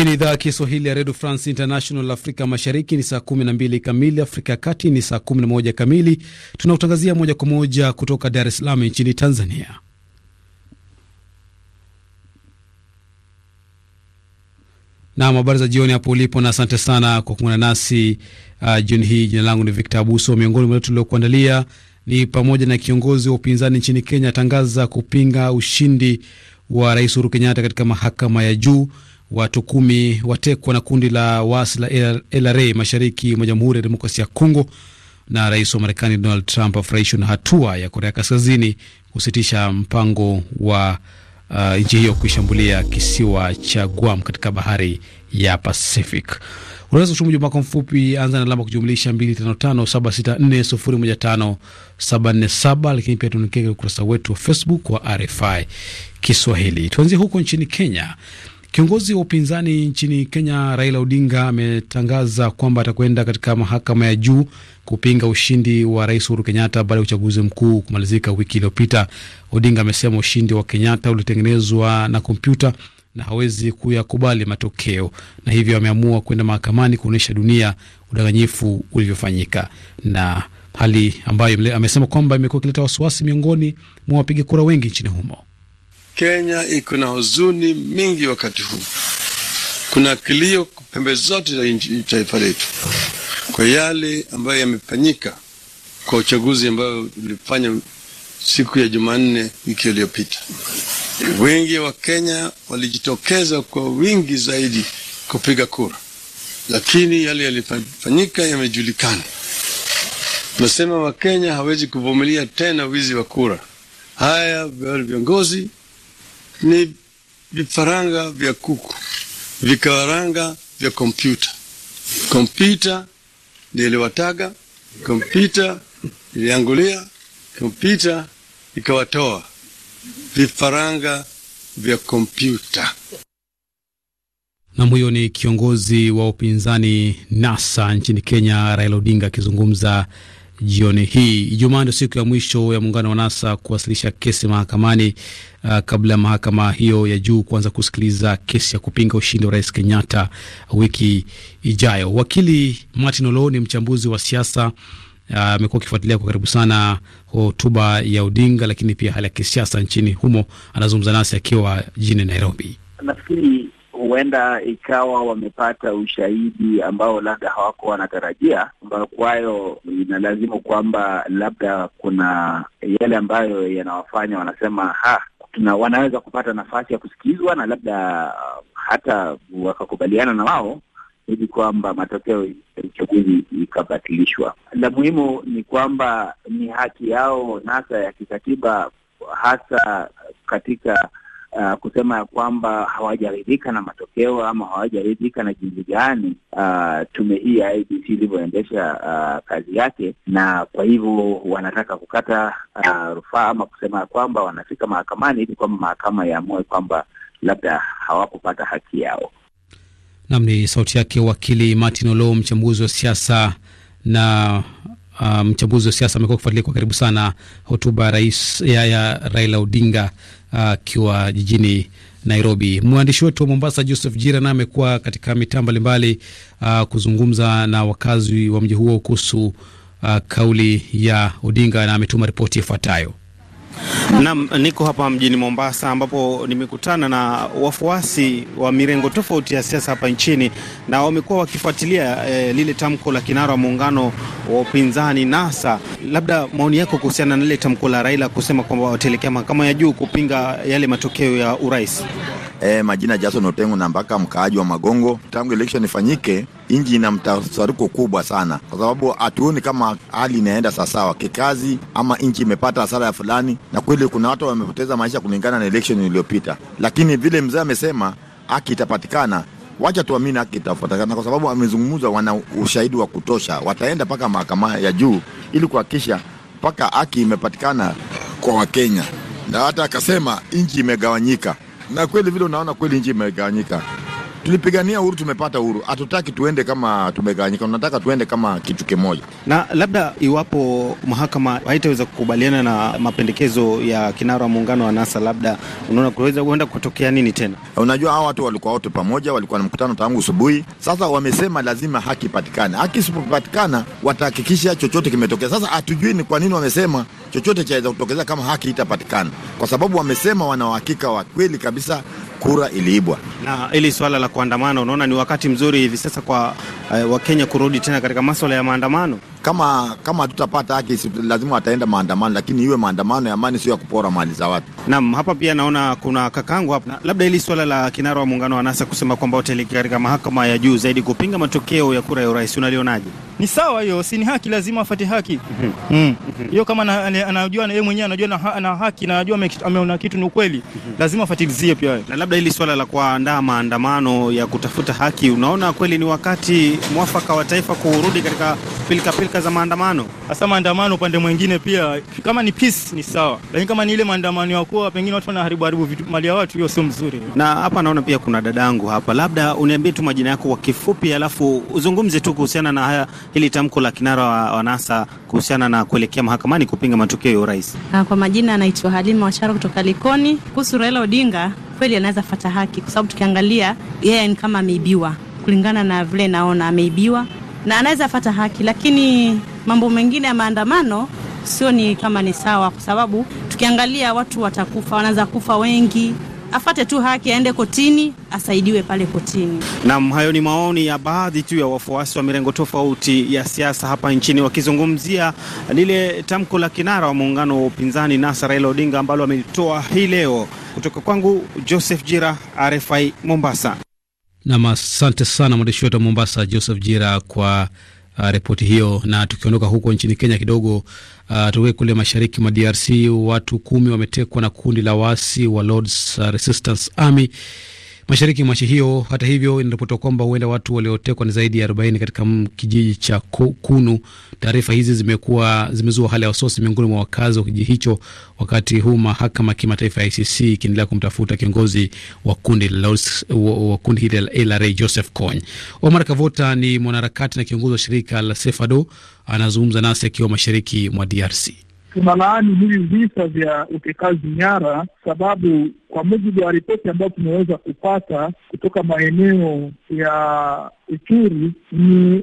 Hii ni idhaa ya Kiswahili ya redio France International. Afrika Mashariki ni saa kumi na mbili kamili, Afrika ya Kati ni saa kumi na moja kamili. Tunautangazia moja kwa moja kutoka Dar es Salaam nchini Tanzania. Nam, habari za jioni hapo ulipo, na asante sana kwa kuungana nasi uh, jioni hii. Jina langu ni Victor Abuso. Miongoni mwa uliokuandalia ni pamoja na kiongozi wa upinzani nchini Kenya atangaza kupinga ushindi wa Rais Uhuru Kenyatta katika mahakama ya juu Watu kumi watekwa na kundi la waasi la LRA mashariki mwa Jamhuri ya Demokrasia ya Kongo. Na rais wa Marekani Donald Trump afurahishwa na hatua ya Korea Kaskazini kusitisha mpango wa uh, nchi hiyo kuishambulia kisiwa cha Guam katika bahari ya Pacific. Unaweza kutumia ujumbe wako mfupi, anza na alama kujumlisha 255764015747 lakini pia tunaekea ukurasa wetu wa Facebook wa RFI Kiswahili. Tuanzie huko nchini Kenya. Kiongozi wa upinzani nchini Kenya Raila Odinga ametangaza kwamba atakwenda katika mahakama ya juu kupinga ushindi wa rais Uhuru Kenyatta baada ya uchaguzi mkuu kumalizika wiki iliyopita. Odinga amesema ushindi wa Kenyatta ulitengenezwa na kompyuta na hawezi kuyakubali matokeo, na hivyo ameamua kwenda mahakamani kuonyesha dunia udanganyifu ulivyofanyika na hali ambayo amesema kwamba imekuwa ikileta wasiwasi miongoni mwa wapiga kura wengi nchini humo. Kenya iko na huzuni mingi wakati huu, kuna kilio pembe zote za taifa letu kwa yale ambayo yamefanyika kwa uchaguzi ambayo ulifanya siku ya Jumanne wiki iliyopita. Wengi wa Kenya walijitokeza kwa wingi zaidi kupiga kura, lakini yale yalifanyika yamejulikana. Tunasema Wakenya hawezi kuvumilia tena wizi wa kura. Haya viongozi ni vifaranga vya kuku, vikawaranga vya kompyuta. Kompyuta niliwataga, kompyuta iliangulia, kompyuta ikawatoa vifaranga vya kompyuta. Nam, huyo ni kiongozi wa upinzani NASA nchini Kenya, Raila Odinga akizungumza jioni hii. Ijumaa ndio siku ya mwisho ya muungano wa NASA kuwasilisha kesi mahakamani uh, kabla ya mahakama hiyo ya juu kuanza kusikiliza kesi ya kupinga ushindi wa Rais Kenyatta wiki ijayo. Wakili Martin Olo ni mchambuzi wa siasa uh, amekuwa uh, akifuatilia kwa karibu sana hotuba ya Odinga, lakini pia hali ya kisiasa nchini humo. Anazungumza nasi akiwa jijini Nairobi. Nafikiri huenda ikawa wamepata ushahidi ambao labda hawako wanatarajia, ambayo kwayo inalazimu kwamba labda kuna yale ambayo yanawafanya wanasema ha tuna wanaweza kupata nafasi ya kusikizwa na labda uh, hata wakakubaliana na wao hivi kwamba matokeo ya uchaguzi ikabatilishwa. La muhimu ni kwamba ni haki yao NASA ya kikatiba hasa katika uh, kusema ya kwamba hawajaridhika na matokeo ama hawajaridhika na jinsi gani uh, tume hii ya IEBC ilivyoendesha uh, kazi yake, na kwa hivyo wanataka kukata uh, rufaa ama kusema ya kwamba wanafika mahakamani ili kwamba mahakama yaamue kwamba labda hawakupata haki yao. Nam ni sauti yake wakili Martin Olo, mchambuzi wa siasa na uh, mchambuzi wa siasa amekuwa kufuatilia kwa karibu sana hotuba rais ya, ya Raila Odinga akiwa jijini Nairobi. Mwandishi wetu wa Mombasa Joseph Jira naye amekuwa katika mitaa mbalimbali uh, kuzungumza na wakazi wa mji huo kuhusu uh, kauli ya Odinga na ametuma ripoti ifuatayo. Na niko hapa mjini Mombasa ambapo nimekutana na wafuasi wa mirengo tofauti ya siasa hapa nchini na wamekuwa wakifuatilia eh, lile tamko la kinara wa muungano wa upinzani NASA. Labda maoni yako kuhusiana na lile tamko la Raila kusema kwamba wataelekea mahakama ya juu kupinga yale matokeo ya urais. Eh, majina Jason Otengo na mpaka mkaaji wa Magongo, tangu election ifanyike nchi ina mtasaruko kubwa sana, kwa sababu hatuoni kama hali inaenda sawasawa kikazi, ama nchi imepata hasara ya fulani, na kweli kuna watu wamepoteza maisha kulingana na election iliyopita. Lakini vile mzee amesema haki itapatikana, wacha tuamini haki itapatikana, kwa sababu amezungumza, wana ushahidi wa kutosha, wataenda mpaka mahakama ya juu ili kuhakikisha mpaka haki imepatikana kwa Wakenya. Na hata akasema nchi imegawanyika, na kweli vile unaona kweli nchi imegawanyika tulipigania uhuru, tumepata uhuru. Hatutaki tuende kama tumegawanyika, tunataka tuende kama kitu kimoja. Na labda iwapo mahakama haitaweza kukubaliana na mapendekezo ya kinara wa muungano wa NASA, labda unaona kuweza kuenda kutokea nini tena? Unajua, hawa watu walikuwa wote pamoja, walikuwa na mkutano tangu asubuhi. Sasa wamesema lazima haki ipatikane haki isipopatikana watahakikisha chochote kimetokea. Sasa hatujui ni kwa nini wamesema chochote chaweza kutokezea kama haki itapatikana, kwa sababu wamesema wana uhakika wa kweli kabisa kura iliibwa. Na ili swala la kuandamana, unaona ni wakati mzuri hivi sasa kwa eh, Wakenya kurudi tena katika maswala ya maandamano? Kama kama tutapata haki lazima wataenda maandamano, lakini iwe maandamano ya amani, sio ya kupora mali za watu. Naam, hapa pia naona kuna kakangu hapa, labda ili swala la kinara wa muungano wa NASA kusema kwamba wataelekea katika mahakama ya juu zaidi kupinga matokeo ya kura ya urais, unalionaje? ni sawa hiyo, si ni haki, lazima afuate haki mm. hiyo. mm -hmm. mm. Kama anajua yeye mwenyewe anajua na, na, na haki na anajua ameona kitu ni ukweli mm -hmm. lazima afuatilizie pia. Na labda hili swala la kuandaa maandamano ya kutafuta haki, unaona kweli ni wakati mwafaka wa taifa kurudi katika pilika pilika za maandamano, hasa maandamano upande mwingine pia. Kama ni peace ni sawa, lakini kama ni ile maandamano ya kuwa pengine watu wanaharibu haribu vitu mali ya watu, hiyo sio mzuri. Na hapa naona pia kuna dadangu hapa, labda uniambie tu majina yako kwa kifupi, alafu uzungumze tu kuhusiana na haya hili tamko la kinara wa, wa NASA kuhusiana na kuelekea mahakamani kupinga matokeo ya urais? Kwa majina anaitwa Halima Washara kutoka Likoni. Kuhusu Raila Odinga, kweli anaweza fata haki, kwa sababu tukiangalia yeye ni kama ameibiwa, kulingana na vile naona ameibiwa na anaweza fata haki, lakini mambo mengine ya maandamano sio ni kama ni sawa, kwa sababu tukiangalia watu watakufa, wanaweza kufa wengi afate tu haki, aende kotini, asaidiwe pale kotini. Nam, hayo ni maoni ya baadhi tu ya wafuasi wa mirengo tofauti ya siasa hapa nchini wakizungumzia lile tamko la kinara wa muungano wa upinzani NASA Raila Odinga ambalo amelitoa hii leo. Kutoka kwangu Joseph Jira, RFI Mombasa. Nam, asante sana mwandishi wetu wa Mombasa Joseph Jira kwa uh, ripoti hiyo. Na tukiondoka huko nchini Kenya kidogo, uh, tuwe kule mashariki mwa DRC, watu kumi wametekwa na kundi la waasi wa Lords Resistance Army mashariki mwa nchi hiyo. Hata hivyo, inaripotiwa kwamba huenda watu waliotekwa ni zaidi ya 40 katika kijiji cha Kunu. Taarifa hizi zimekuwa zimezua hali ya wasiwasi miongoni mwa wakazi wa kijiji hicho, wakati huu mahakama kimataifa ya ICC ikiendelea kumtafuta kiongozi wa kundi wa kundi hili la LRA Joseph Kony. Omar Kavota ni mwanaharakati na kiongozi wa shirika la sefado anazungumza nasi akiwa mashariki mwa DRC tunalaani hivi visa vya utekaji nyara, sababu kwa mujibu wa ripoti ambayo tumeweza kupata kutoka maeneo ya Ituri ni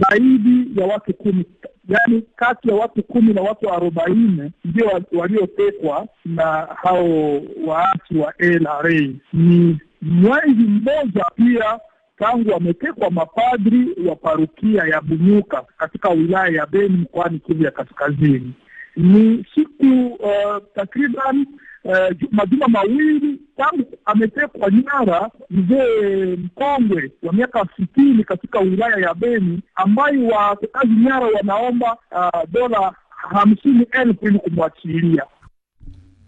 zaidi ya watu kumi yaani kati ya watu kumi na watu arobaini ndio waliotekwa na hao waasi wa LRA. Ni mwezi mmoja pia tangu wametekwa mapadri wa parukia ya Bunyuka katika wilaya ya Beni mkoani Kivu ya Kaskazini. Ni siku uh, takriban uh, majuma mawili tangu ametekwa nyara mzee mkongwe wa miaka sitini katika wilaya ya Beni, ambayo wakazi nyara wanaomba uh, dola hamsini elfu ili kumwachilia.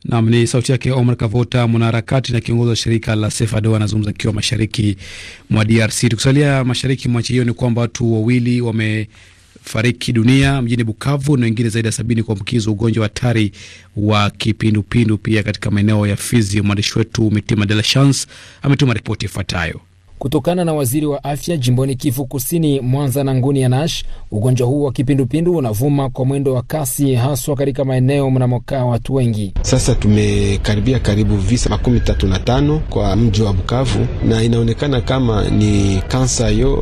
Nam ni sauti yake Omar Kavota, mwanaharakati na kiongozi wa shirika la Sefado, anazungumza akiwa mashariki mwa DRC. Tukisalia mashariki mwa nchi hiyo, ni kwamba watu wawili wame fariki dunia mjini Bukavu na wengine zaidi ya sabini kuambukizwa ugonjwa wa hatari wa kipindupindu pia katika maeneo ya Fizi. Mwandishi wetu Mitima De La Chance ametuma ripoti ifuatayo kutokana na waziri wa afya jimboni Kivu Kusini, Mwanza na Nguni ya nash Ugonjwa huu wa kipindupindu unavuma kwa mwendo wa kasi, haswa katika maeneo mnamokaa watu wengi. Sasa tumekaribia karibu visa makumi tatu na tano kwa mji wa Bukavu, na inaonekana kama ni kansa yo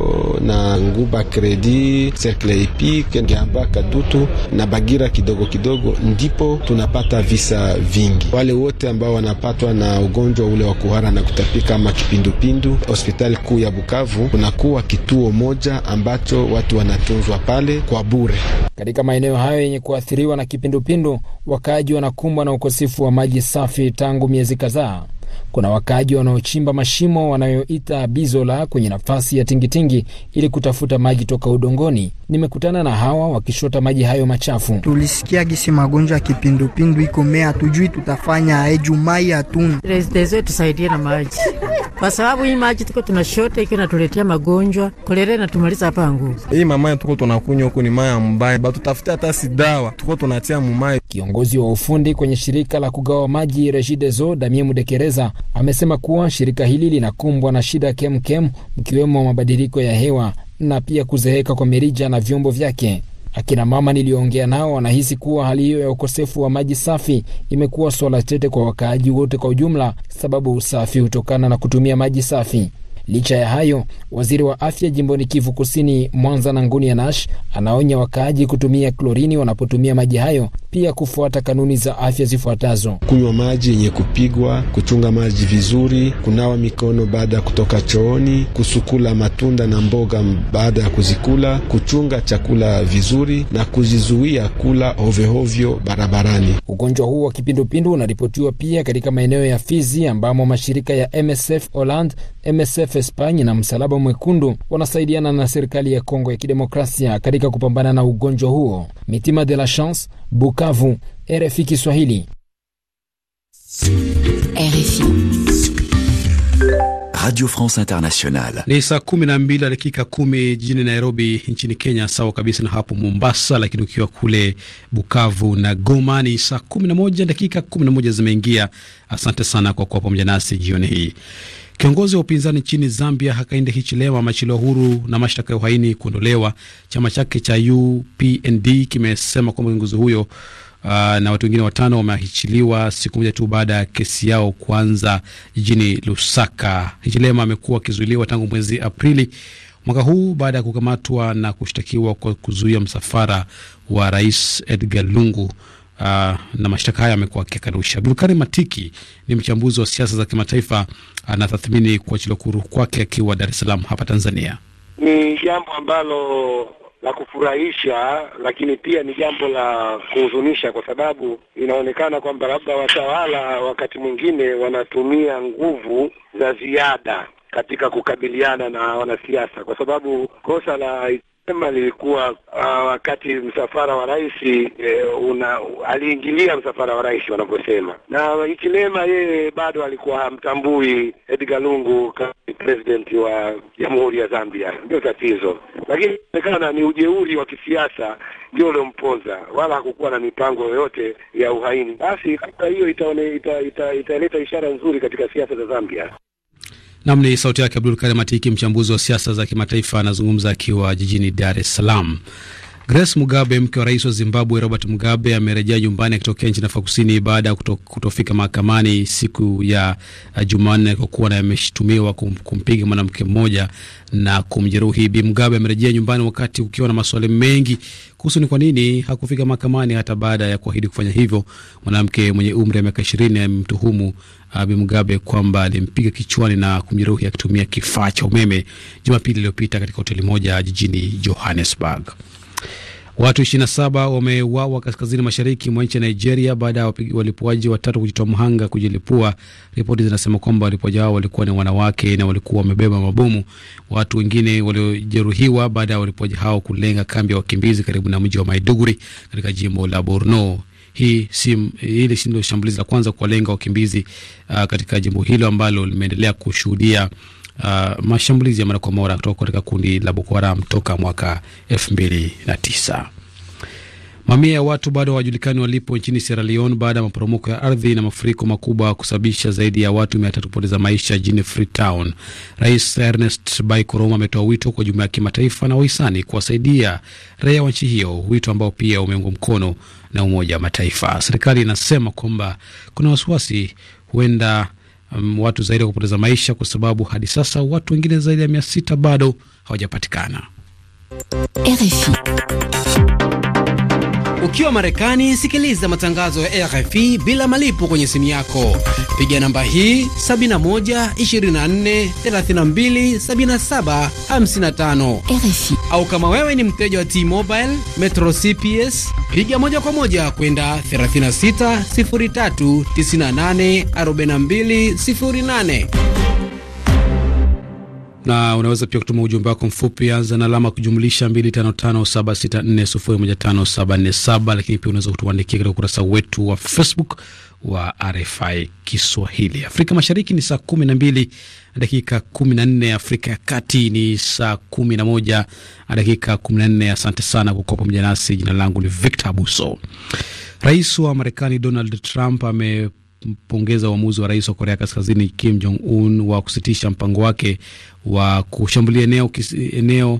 na Nguba Kredi, serkle Epic, Ngamba, Kadutu na Bagira kidogo kidogo, ndipo tunapata visa vingi. Wale wote ambao wanapatwa na ugonjwa ule wa kuhara na kutapika ama kipindupindu hospitali hospitali kuu ya Bukavu kunakuwa kituo moja ambacho watu wanatunzwa pale kwa bure. Katika maeneo hayo yenye kuathiriwa na kipindupindu, wakaaji wanakumbwa na ukosefu wa maji safi tangu miezi kadhaa kuna wakaaji wanaochimba mashimo wanayoita bizola kwenye nafasi ya tingitingi ili kutafuta maji toka udongoni. Nimekutana na hawa wakishota maji hayo machafu. Tulisikia gisi magonjwa ya kipindupindu iko mea, hatujui tutafanya ejumai, hatuna rezidezo tusaidie na maji kwa sababu hii maji tuko tunashota ikiwa natuletea magonjwa kolere, inatumaliza hapa nguvu hii mamaya tuko tunakunywa huku ni maya mbaya batutafutia hata si dawa tuko tunatia mumaya. Kiongozi wa ufundi kwenye shirika la kugawa maji Regideso Damie Mudekereza Amesema kuwa shirika hili linakumbwa na shida kemkem, mkiwemo mabadiliko ya hewa na pia kuzeeka kwa mirija na vyombo vyake. Akina mama niliyoongea nao wanahisi kuwa hali hiyo ya ukosefu wa maji safi imekuwa swala tete kwa wakaaji wote kwa ujumla, sababu usafi hutokana na kutumia maji safi. Licha ya hayo, waziri wa afya jimboni Kivu Kusini, Mwanza na Nguni Yanash, anaonya wakaaji kutumia klorini wanapotumia maji hayo, pia kufuata kanuni za afya zifuatazo: kunywa maji yenye kupigwa, kuchunga maji vizuri, kunawa mikono baada ya kutoka chooni, kusukula matunda na mboga baada ya kuzikula, kuchunga chakula vizuri na kuzizuia kula hovyohovyo barabarani. Ugonjwa huu wa kipindupindu unaripotiwa pia katika maeneo ya Fizi ambamo mashirika ya MSF Holland, MSF RPF Espagne na Msalaba Mwekundu wanasaidiana na serikali ya Kongo ya Kidemokrasia katika kupambana na ugonjwa huo. Mitima de la Chance, Bukavu, RFI Kiswahili. RFI Radio France Internationale. Ni saa kumi na mbili na dakika kumi jijini Nairobi nchini Kenya, sawa kabisa na hapo Mombasa, lakini ukiwa kule Bukavu na Goma ni saa kumi na moja dakika kumi na moja zimeingia. Asante sana kwa kuwa pamoja nasi jioni hii. Kiongozi wa upinzani nchini Zambia Hakainde Hichilema ameachiliwa huru na mashtaka ya uhaini kuondolewa. Chama chake cha UPND kimesema kwamba kiongozi huyo uh, na watu wengine watano wameachiliwa siku moja tu baada ya kesi yao kuanza jijini Lusaka. Hichilema amekuwa akizuiliwa tangu mwezi Aprili mwaka huu baada ya kukamatwa na kushtakiwa kwa kuzuia msafara wa Rais Edgar Lungu uh, na mashtaka haya amekuwa akikanusha. Abdulkarim Matiki ni mchambuzi wa siasa za kimataifa, anatathmini kuachiliwa kuru kwake akiwa Dar es Salaam hapa Tanzania. Ni jambo ambalo la kufurahisha, lakini pia ni jambo la kuhuzunisha, kwa sababu inaonekana kwamba labda watawala wakati mwingine wanatumia nguvu za ziada katika kukabiliana na wanasiasa, kwa sababu kosa la Chadema lilikuwa uh, wakati msafara wa rais eh, una aliingilia msafara wa rais wanavyosema, na Ichilema yeye bado alikuwa hamtambui Edgar Lungu kama president wa Jamhuri ya Zambia, ndio tatizo. Lakini inaonekana ni ujeuri wa kisiasa ndio uliompoza wala hakukuwa na mipango yoyote ya uhaini. Basi hiyo itaone- ita- italeta ita, ita ishara nzuri katika siasa za Zambia. Nam ni sauti yake Abdul Karim Atiki, mchambuzi wa siasa za kimataifa, anazungumza akiwa jijini Dar es Salaam. Grace Mugabe, mke wa rais wa Zimbabwe Robert Mugabe, amerejea nyumbani akitokea nchi Afrika Kusini baada ya kuto, kutofika mahakamani siku ya uh, Jumanne kwa kuwa ameshutumiwa kum, kumpiga mwanamke mmoja na kumjeruhi. Bi Mugabe amerejea nyumbani wakati ukiwa na maswali mengi kuhusu ni kwa nini hakufika mahakamani hata baada ya kuahidi kufanya hivyo. Mwanamke mwenye umri wa miaka ishirini amemtuhumu Abi ah, Mugabe kwamba alimpiga kichwani na kumjeruhi akitumia kifaa cha umeme Jumapili iliyopita katika hoteli moja jijini Johannesburg. Watu 27 wameuawa kaskazini mashariki mwa nchi ya Nigeria baada ya walipuaji watatu kujitoa mhanga kujilipua. Ripoti zinasema kwamba walipuaji hao walikuwa ni wanawake na walikuwa wamebeba mabomu. Watu wengine waliojeruhiwa baada ya walipuaji hao kulenga kambi ya wakimbizi karibu na mji wa Maiduguri katika jimbo la Borno hii si hili si ndio shambulizi la kwanza kuwalenga wakimbizi uh, katika jimbo hilo ambalo limeendelea kushuhudia uh, mashambulizi ya mara kwa mara kutoka katika kundi la Boko Haram toka mwaka elfu mbili na tisa. Mamia ya watu bado hawajulikani walipo nchini Sierra Leone baada ya maporomoko ya ardhi na mafuriko makubwa kusababisha zaidi ya watu mia tatu kupoteza maisha jijini Freetown. Rais Ernest Bai Koroma ametoa wito kwa jumuiya ya kimataifa na wahisani kuwasaidia raia wa nchi hiyo, wito ambao pia umeungwa mkono na Umoja wa Mataifa. Serikali inasema kwamba kuna wasiwasi huenda um, watu zaidi wakupoteza maisha kwa sababu hadi sasa watu wengine zaidi ya mia sita bado hawajapatikana. RFI ukiwa Marekani, sikiliza matangazo ya RFI bila malipo kwenye simu yako. Piga namba hii 7124327755 RFI. Au kama wewe ni mteja wa T-Mobile Metro CPS, piga moja kwa moja kwenda 36 03 98 42 08 na unaweza pia kutuma ujumbe wako mfupi, anza na alama kujumlisha 255764015747, lakini pia unaweza kutuandikia katika ukurasa wetu wa Facebook wa RFI Kiswahili. Afrika Mashariki ni saa 12 dakika 14, Afrika ya Kati ni saa 11 dakika 14. Asante sana kwa kuwa pamoja nasi. Jina langu ni Victor Abuso. Rais wa Marekani Donald Trump ame mpongeza uamuzi wa rais wa Korea Kaskazini Kim Jong Un wa kusitisha mpango wake wa kushambulia eneo, kisi, eneo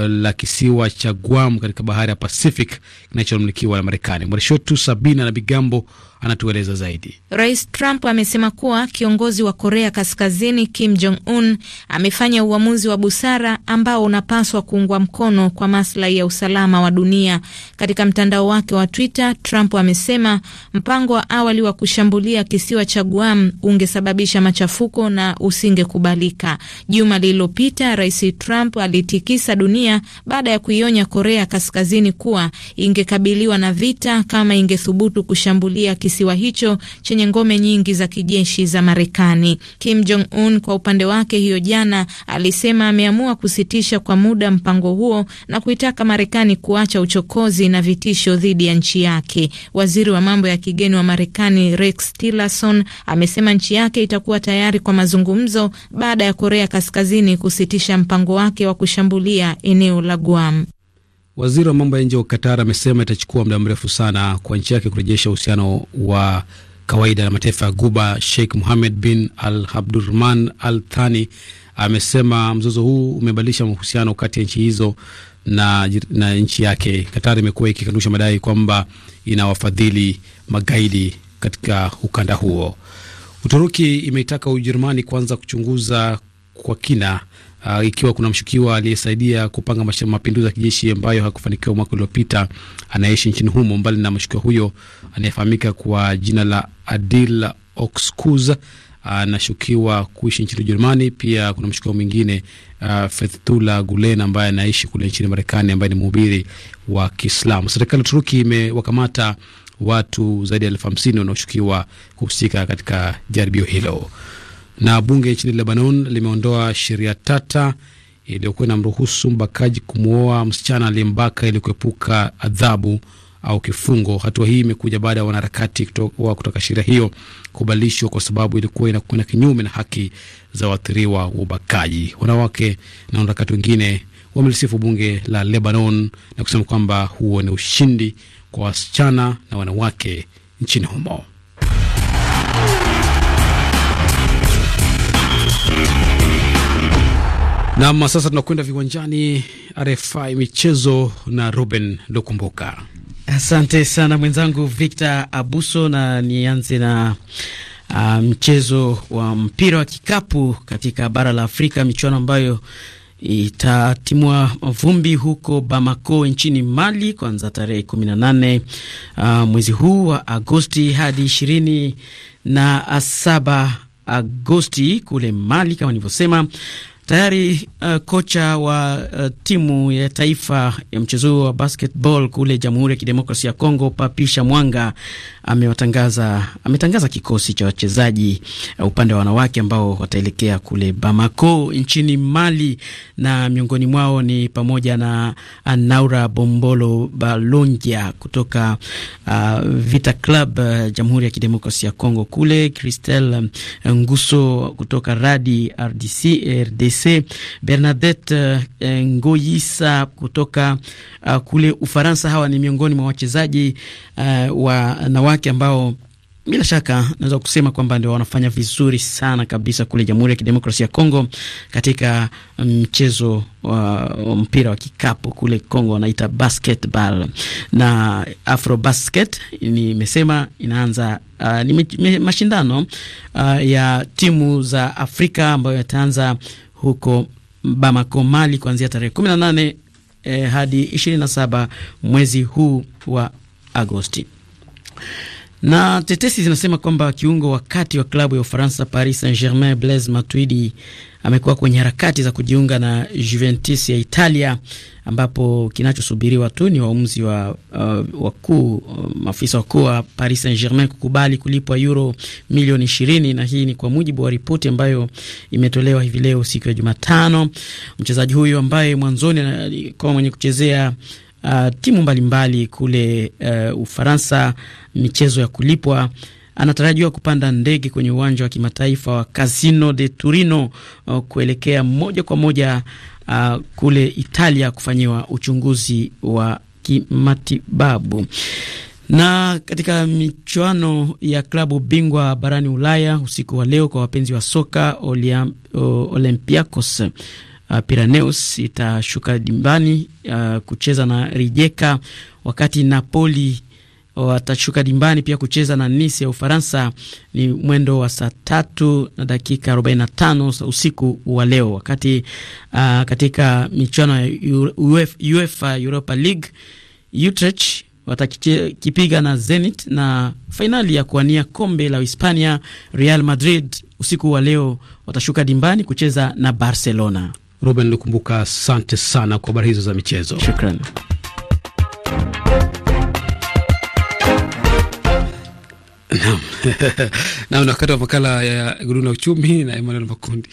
eh, la kisiwa cha Guam katika bahari ya Pacific kinachomilikiwa na Marekani. wetu Sabina na Bigambo anatueleza zaidi. Rais Trump amesema kuwa kiongozi wa Korea Kaskazini Kim Jong Un amefanya uamuzi wa busara ambao unapaswa kuungwa mkono kwa maslahi ya usalama wa dunia. Katika mtandao wake wa Twitter, Trump amesema mpango wa awali wa kushambulia kisiwa cha Guam ungesababisha machafuko na usingekubalika. Juma lililopita, Rais Trump alitikisa dunia baada ya kuionya Korea Kaskazini kuwa ingekabiliwa na vita kama ingethubutu kushambulia kisiwa hicho chenye ngome nyingi za kijeshi za Marekani. Kim Jong Un kwa upande wake, hiyo jana alisema ameamua kusitisha kwa muda mpango huo na kuitaka Marekani kuacha uchokozi na vitisho dhidi ya nchi yake. Waziri wa mambo ya kigeni wa Marekani Rex Tillerson amesema nchi yake itakuwa tayari kwa mazungumzo baada ya Korea Kaskazini kusitisha mpango wake wa kushambulia eneo la Guam. Waziri wa mambo ya nje wa Qatar amesema itachukua muda mrefu sana kwa nchi yake kurejesha uhusiano wa kawaida na mataifa ya Guba. Sheikh muhamed bin Al Abdurrahman Al Thani amesema mzozo huu umebadilisha mahusiano kati ya nchi hizo na, na nchi yake. katar imekuwa ikikanusha madai kwamba inawafadhili magaidi katika ukanda huo. Uturuki imeitaka Ujerumani kuanza kuchunguza kwa kina uh, ikiwa kuna mshukiwa aliyesaidia kupanga mapinduzi ya kijeshi ambayo hakufanikiwa mwaka uliopita anaishi nchini humo. Mbali na mshukiwa huyo anayefahamika kwa jina la Adil Oxkuz anashukiwa kuishi nchini Ujerumani. Pia kuna mshukiwa mwingine uh, Fethullah Gulen ambaye anaishi kule nchini Marekani, ambaye ni mhubiri wa Kiislamu. Serikali ya Uturuki imewakamata watu zaidi ya elfu hamsini wanaoshukiwa kuhusika katika jaribio hilo. Na bunge nchini Lebanon limeondoa sheria tata iliyokuwa inamruhusu mbakaji kumwoa msichana aliyembaka ili kuepuka adhabu au kifungo. Hatua hii imekuja baada ya wanaharakati kutoka, wa kutoka sheria hiyo kubadilishwa kwa sababu ilikuwa inakwenda kinyume na haki za waathiriwa wa ubakaji. Wanawake na wanaharakati wengine wamelisifu bunge la Lebanon na kusema kwamba huo ni ushindi kwa wasichana na wanawake nchini humo. Nam, sasa tunakwenda viwanjani. RFI michezo na Ruben Lukumbuka. Asante sana mwenzangu Victor Abuso, na nianze na uh, mchezo wa mpira wa kikapu katika bara la Afrika, michuano ambayo itatimua vumbi huko Bamako nchini Mali, kwanza tarehe kumi na nane uh, mwezi huu wa Agosti hadi ishirini na saba Agosti kule Mali kama nilivyosema tayari. Uh, kocha wa uh, timu ya taifa ya mchezo wa basketball kule Jamhuri ya Kidemokrasia ya Kongo papisha mwanga amewatangaza ametangaza kikosi cha wachezaji uh, upande wa wanawake ambao wataelekea kule Bamako nchini Mali, na miongoni mwao ni pamoja na uh, Naura Bombolo Balongia kutoka uh, Vita Club uh, Jamhuri ya Kidemokrasia ya Kongo kule, Christelle uh, Nguso kutoka Radi RDC, RDC Bernadette uh, Ngoyisa kutoka uh, kule Ufaransa. Hawa ni miongoni mwa wachezaji uh, wanawake wanawake ambao bila shaka naweza kusema kwamba ndio wanafanya vizuri sana kabisa kule Jamhuri ya Kidemokrasia ya Kongo katika mm, mchezo wa mpira wa kikapu kule Kongo wanaita basketball na Afrobasket. Nimesema inaanza uh, ni mashindano uh, ya timu za Afrika ambayo yataanza huko Bamako, Mali kuanzia tarehe 18 eh, hadi 27 mwezi huu wa Agosti. Na tetesi zinasema kwamba kiungo wa kati wa klabu ya Ufaransa Paris Saint-Germain Blaise Matuidi amekuwa kwenye harakati za kujiunga na Juventus ya Italia, ambapo kinachosubiriwa tu ni waamuzi wa uh, wakuu uh, maafisa wakuu wa Paris Saint-Germain kukubali kulipwa euro milioni ishirini, na hii ni kwa mujibu wa ripoti ambayo imetolewa hivi leo siku ya Jumatano. Mchezaji huyu ambaye mwanzoni alikuwa mwenye kuchezea uh, timu mbalimbali kule uh, Ufaransa, michezo ya kulipwa anatarajiwa kupanda ndege kwenye uwanja wa kimataifa wa Casino de Turino uh, kuelekea moja kwa moja uh, kule Italia kufanyiwa uchunguzi wa kimatibabu. Na katika michuano ya klabu bingwa barani Ulaya usiku wa leo, kwa wapenzi wa soka uh, Olympiacos uh, Piraneus itashuka dimbani uh, kucheza na Rijeka, wakati Napoli uh, watashuka dimbani pia kucheza na Nice ya Ufaransa ni mwendo wa saa tatu na dakika 45 usiku wa leo. Wakati uh, katika michuano ya UEFA Europa League Utrecht watakipiga na Zenit, na fainali ya kuwania kombe la Hispania Real Madrid usiku wa leo watashuka dimbani kucheza na Barcelona. Ruben Lukumbuka, asante sana kwa habari hizo za michezo. Shukran. Naam, na wakati wa makala ya gurudumu la uchumi na Emmanuel Makundi.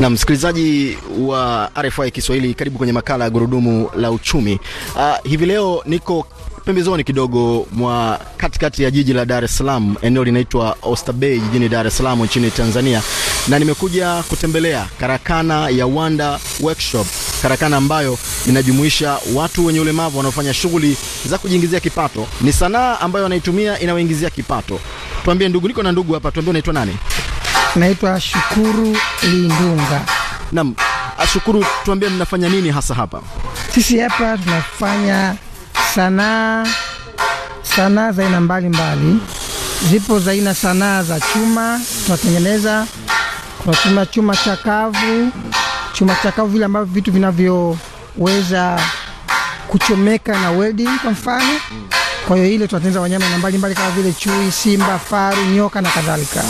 Na msikilizaji wa RFI Kiswahili, karibu kwenye makala ya gurudumu la uchumi. Uh, hivi leo niko pembezoni kidogo mwa katikati ya jiji la Dar es Salaam, eneo linaitwa Oyster Bay jijini Dar es Salaam nchini Tanzania, na nimekuja kutembelea karakana ya Wanda Workshop, karakana ambayo inajumuisha watu wenye ulemavu wanaofanya shughuli za kujiingizia kipato. Ni sanaa ambayo wanaitumia inawaingizia kipato. Tuambie ndugu, niko na ndugu hapa, tuambie unaitwa nani? Naitwa Shukuru Lindunga. Naam, Shukuru, tuambie mnafanya nini hasa hapa? Sisi hapa tunafanya sanaa, sanaa za aina mbalimbali. Zipo za aina sanaa za chuma, tunatengeneza kwa chuma, chuma chakavu, chuma chakavu, vile ambavyo vitu vinavyoweza kuchomeka na welding kwa mfano. Kwa hiyo ile tunatengeneza wanyama na mbalimbali kama vile chui, simba, faru, nyoka na kadhalika.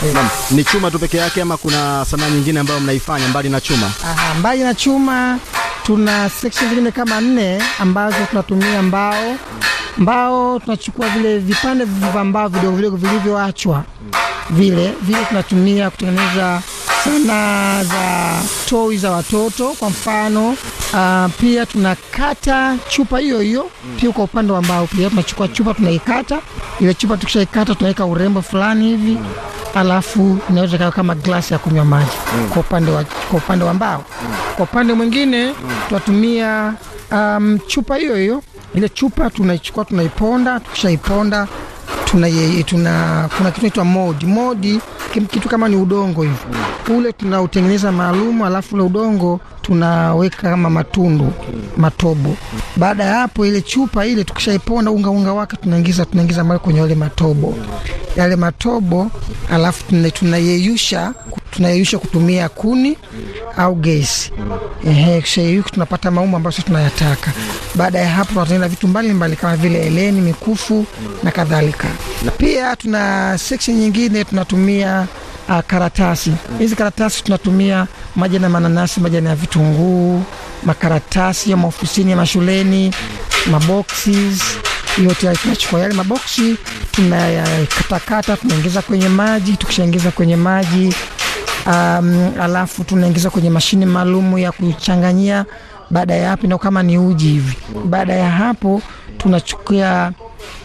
Hey. Eh. ni chuma tu peke yake ama kuna sanaa nyingine ambayo mnaifanya mbali na chuma? Aha, mbali na chuma Tuna section zingine kama nne ambazo tunatumia mbao. Mbao tunachukua vile vipande vya mbao vidogo vidogo vilivyoachwa vile vile, tunatumia kutengeneza sanaa za toi za watoto kwa mfano uh, pia tunakata chupa hiyo hiyo mm. Pia kwa upande wa mbao pia tunachukua chupa tunaikata, ile chupa tukishaikata tunaweka urembo fulani hivi mm. Alafu inaweza kawa kama glasi ya kunywa maji mm. Kwa upande wa, kwa upande wa mbao mm. Kwa upande mwingine mm. tunatumia um, ah, chupa hiyo hiyo, ile chupa tunaichukua tunaiponda, tukishaiponda tuna, ye, tuna kuna kitu naitwa modi modi, kitu kama ni udongo hivi mm. ule tunautengeneza maalum, alafu ule udongo tunaweka kama matundu mm. matobo. Mm. Baada ya hapo, ile chupa ile tukishaiponda unga unga wake tunaingiza tunaingiza mali kwenye yale matobo yale matobo, alafu tunayeyusha tunayeyusha kutumia kuni au gesi ehe. Kisha yuko tunapata maumbo ambayo tunayataka. Baada ya hapo, tunatengeneza vitu mbalimbali kama vile eleni, mikufu na kadhalika. Pia tuna section nyingine tunatumia uh, karatasi. Hizi karatasi tunatumia majani ya mananasi, majani ya vitunguu, makaratasi ya maofisini ya mashuleni, maboxes yote tunachukua yale maboksi tunayakatakata, tunaingiza kwenye maji. Tukishaingiza kwenye maji um, alafu tunaingizwa kwenye mashine maalum ya kuchanganyia. Baada ya hapo ndio kama ni uji hivi. Baada ya hapo tunachukua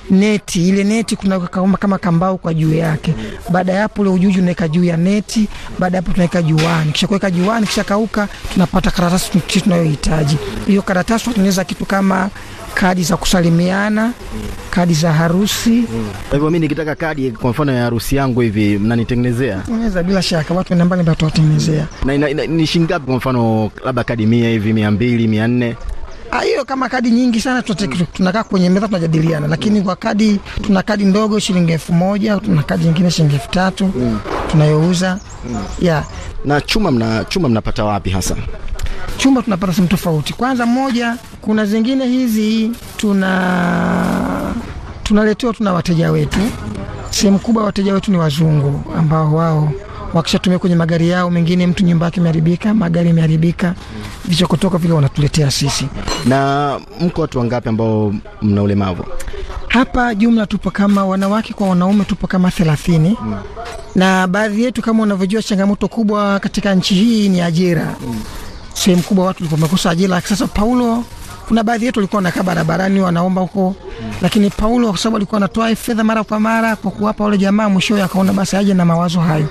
neti ile neti kuna kama, kama kambao kwa juu yake. Baada ya hapo ule ujuju unaweka juu ya neti. Baada ya hapo tunaweka juani, kisha kuweka juani, kisha kauka, tunapata karatasi tunayohitaji. Hiyo karatasi tunaweza kitu kama kadi za kusalimiana mm. kadi za harusi Kwa hivyo mimi nikitaka kadi kwa mfano ya harusi yangu hivi mnanitengenezea? Unaweza bila shaka, watu namba mbali watawatengenezea. Na ni shilingi ngapi? Kwa mfano labda kadi mia hivi mia mbili mia nne ah, hiyo kama kadi nyingi sana mm. tunakaa kwenye meza tunajadiliana, lakini kwa kadi tuna kadi ndogo shilingi elfu moja tuna kadi nyingine shilingi elfu tatu mm. tunayouza mm. yeah. na chuma mna, chuma mnapata wapi hasa? chumba tunapata sehemu tofauti. Kwanza mmoja, kuna zingine hizi tuna tunaletewa, tuna wateja wetu, sehemu kubwa wateja wetu ni wazungu ambao wao wakishatumia kwenye magari yao, mengine mtu nyumba yake imeharibika, magari imeharibika, kutoka vile wanatuletea sisi. Na mko watu wangapi ambao mna ulemavu hapa? Jumla tupo kama wanawake kwa wanaume, tupo kama thelathini mm. na baadhi yetu kama unavyojua, changamoto kubwa katika nchi hii ni ajira mm sehemu kubwa watu walikuwa wamekosa ajira, sasa Paulo kuna baadhi yetu walikuwa wanakaa barabarani wanaomba huko mm. Lakini Paulo kwa sababu alikuwa anatoa fedha mara kwa mara kwa kuwapa wale jamaa, mwishowe akaona basi aje na mawazo hayo.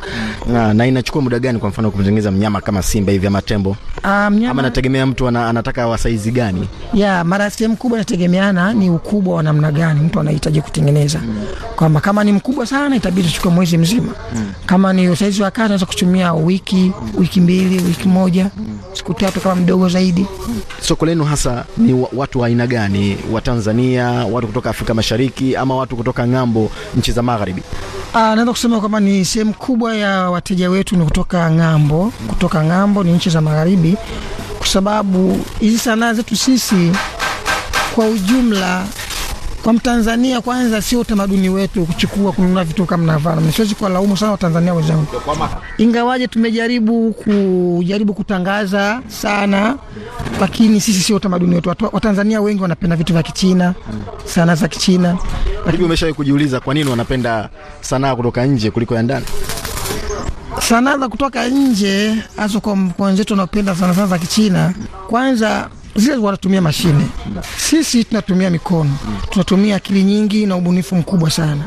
Na, na inachukua muda gani kwa mfano kumtengeneza mnyama kama simba hivi ama tembo? Ah, mnyama... ama nategemea mtu ana, anataka wa saizi gani? Yeah, mara sehemu kubwa inategemeana ni ukubwa wa namna gani mtu anahitaji kutengeneza mm. kwamba kama ni mkubwa sana itabidi tuchukue mwezi mzima mm. kama ni saizi wa kati naweza kutumia wiki, wiki mbili, wiki moja mm. siku tatu kama mdogo zaidi. Mm. Soko lenu hasa ni watu wa aina gani? wa Tanzania, watu kutoka Afrika Mashariki ama watu kutoka ng'ambo nchi za magharibi? Ah, naweza kusema kwamba ni sehemu kubwa ya wateja wetu ni kutoka ng'ambo, kutoka ng'ambo ni nchi za magharibi zaidi, kwa sababu hizi sanaa zetu sisi kwa ujumla kwa Mtanzania kwanza, sio utamaduni wetu kuchukua kununua vitu kama mnavana. Siwezi kuwalaumu sana Watanzania wenzangu, ingawaje tumejaribu kujaribu kutangaza sana, lakini sisi sio utamaduni wetu. Watanzania wengi wanapenda vitu vya Kichina, sanaa za Kichina. Hivi umeshawahi kujiuliza kwa nini wanapenda sanaa kutoka nje kuliko ya ndani? sanaa za kutoka nje, hasa kwa wenzetu wanaopenda sana sana za Kichina, kwanza zile wanatumia mashine, sisi tunatumia mikono, tunatumia akili nyingi na ubunifu mkubwa sana,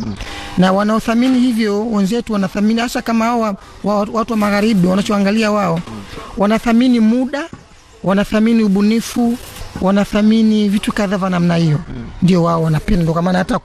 na wanaothamini hivyo wenzetu wanathamini, hasa kama hawa watu wa magharibi wanachoangalia wao, wanathamini muda, wanathamini ubunifu, wanathamini vitu kadhaa vya namna hiyo, mm. ndio mm. wao wanapenda. kwa maana hata,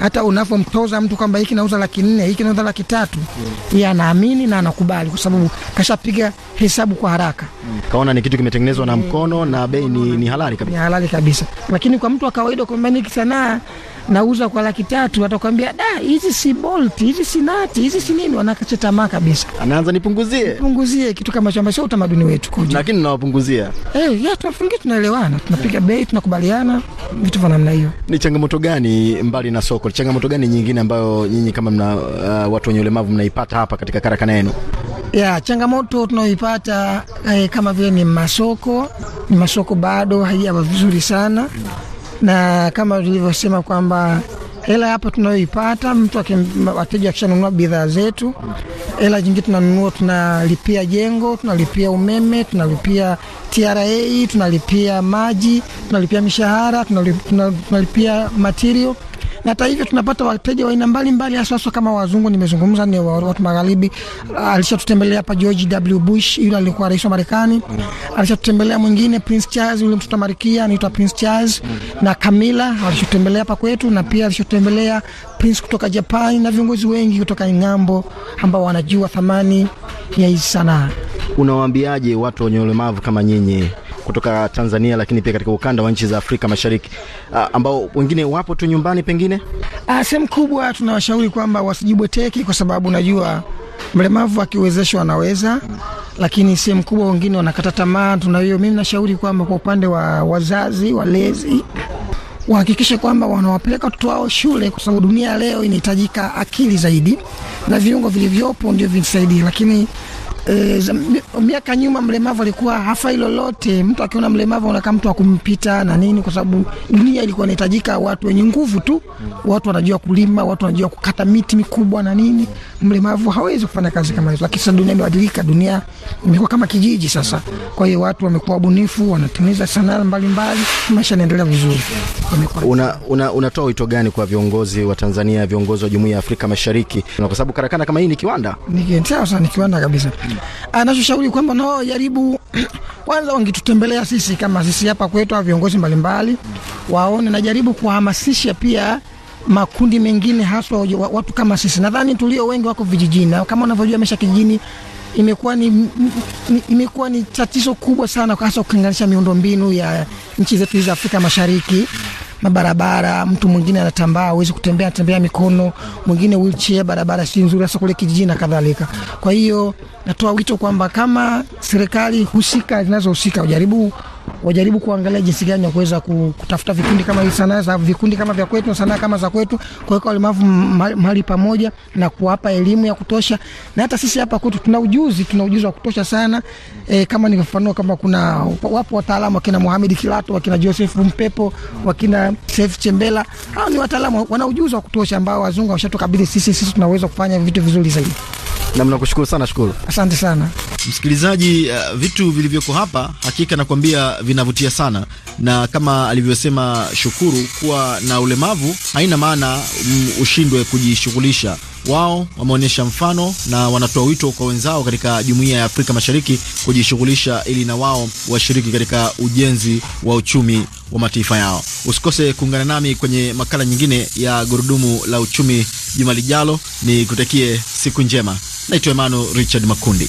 hata unavomtoza mtu kwamba hiki nauza laki nne hiki nauza laki tatu mm. yeye anaamini na anakubali kwa sababu kashapiga hesabu kwa haraka mm. kaona ni kitu kimetengenezwa na mm. mkono na bei ni, ni halali kabisa, ni halali kabisa. Lakini kwa mtu wa kawaida kwamba ni kisanaa nauza kwa laki tatu, watakwambia da, hizi si bolt, hizi si nati, hizi si nini, wanakachetamaa kabisa, anaanza nipunguzie, nipunguzie kitu kama chamba. Sio utamaduni wetu kuja, lakini nawapunguzia. eh, hey, ya tunafungia, tunaelewana, tunapiga bei, tunakubaliana vitu vya namna hiyo. Ni changamoto gani mbali na soko, changamoto gani nyingine ambayo nyinyi kama mna uh, watu wenye ulemavu mnaipata hapa katika karakana yenu? Ya, changamoto tunaoipata eh, kama vile ni masoko, ni masoko bado haijawa vizuri sana na kama tulivyosema kwamba hela hapo tunayoipata mtu wateja akishanunua bidhaa zetu, hela nyingine tunanunua, tunalipia jengo, tunalipia umeme, tunalipia TRA, tunalipia maji, tunalipia mishahara, tunalipia, tunalipia material na hata hivyo tunapata wateja wa aina mbalimbali, hasa hasa kama wazungu. Nimezungumza ni watu magharibi, alishatutembelea hapa George W Bush, yule alikuwa rais wa Marekani, alishatutembelea mwingine Prince Charles, yule mtoto wa anaitwa Prince Charles, na Camilla alishotembelea hapa kwetu, na pia alishotembelea Prince kutoka japan na viongozi wengi kutoka ng'ambo ambao wanajua thamani ya hii sanaa. Unawaambiaje watu wenye ulemavu kama nyinyi? kutoka Tanzania, lakini pia katika ukanda wa nchi za Afrika Mashariki uh, ambao wengine wapo tu nyumbani pengine. Uh, sehemu kubwa tunawashauri kwamba wasijibweteki, kwa sababu najua mlemavu akiwezeshwa anaweza, lakini sehemu kubwa wengine wanakata tamaa. hiyo, mimi nashauri kwamba kwa upande wa wazazi, walezi wahakikishe kwamba wanawapeleka watoto wao shule, kwa sababu dunia leo inahitajika akili zaidi na viungo vilivyopo ndio vinasaidia, lakini E, miaka nyuma mlemavu alikuwa hafai lolote. Mtu akiona mlemavu anakaa mtu akumpita na nini, kwa sababu dunia ilikuwa inahitajika watu wenye nguvu tu, watu wanajua kulima, watu wanajua kukata miti mikubwa na nini. Mlemavu hawezi kufanya kazi kama hizo, lakini sasa dunia imebadilika, dunia imekuwa kama kijiji sasa. Kwa hiyo watu wamekuwa wabunifu, wanatengeneza sanaa mbalimbali, maisha yanaendelea vizuri. Una, una, unatoa wito gani kwa viongozi wa Tanzania, viongozi wa Jumuiya ya Afrika Mashariki, kwa sababu karakana kama hii ni kiwanda, ni kiwanda kabisa Anachoshauri kwamba nao jaribu kwanza, wangetutembelea sisi kama sisi hapa kwetu, au viongozi mbalimbali waone, najaribu kuhamasisha pia makundi mengine, haswa watu kama sisi. Nadhani tulio wengi wako vijijini, kama unavyojua mesha kijijini imekuwa ni, ni, imekuwa ni tatizo kubwa sana, hasa ukilinganisha miundombinu ya nchi zetu hizi Afrika Mashariki, mabarabara. Mtu mwingine anatambaa, hawezi kutembea, anatembea mikono, mwingine wheelchair, barabara si nzuri, hasa kule kijijini na kadhalika. Kwa hiyo natoa wito kwamba kama serikali husika zinazohusika wajaribu wajaribu kuangalia jinsi gani ya kuweza kutafuta vikundi kama hivi sanaa za vikundi kama vya kwetu sanaa kama za kwetu, kuweka walemavu mahali pamoja na kuwapa elimu ya kutosha. Na hata sisi hapa kwetu tuna ujuzi, tuna ujuzi wa kutosha sana e, kama ningefafanua kama kuna wapo wataalamu wakina Mohamed Kilato, wakina Joseph Mpepo, wakina Saif Chembela, hao ni wataalamu wana ujuzi wa kutosha ambao wazungu washatukabidhi sisi, sisi tunaweza kufanya vitu vizuri zaidi na sana Shukuru. Asante sana msikilizaji. Uh, vitu vilivyoko hapa hakika nakwambia vinavutia sana, na kama alivyosema Shukuru, kuwa na ulemavu haina maana ushindwe kujishughulisha. Wao wameonyesha mfano na wanatoa wito kwa wenzao katika jumuiya ya Afrika Mashariki kujishughulisha ili na wao washiriki katika ujenzi wa uchumi wa mataifa yao. Usikose kuungana nami kwenye makala nyingine ya gurudumu la uchumi juma lijalo. Ni kutakie siku njema. Naitwa Emmanuel Richard Makundi.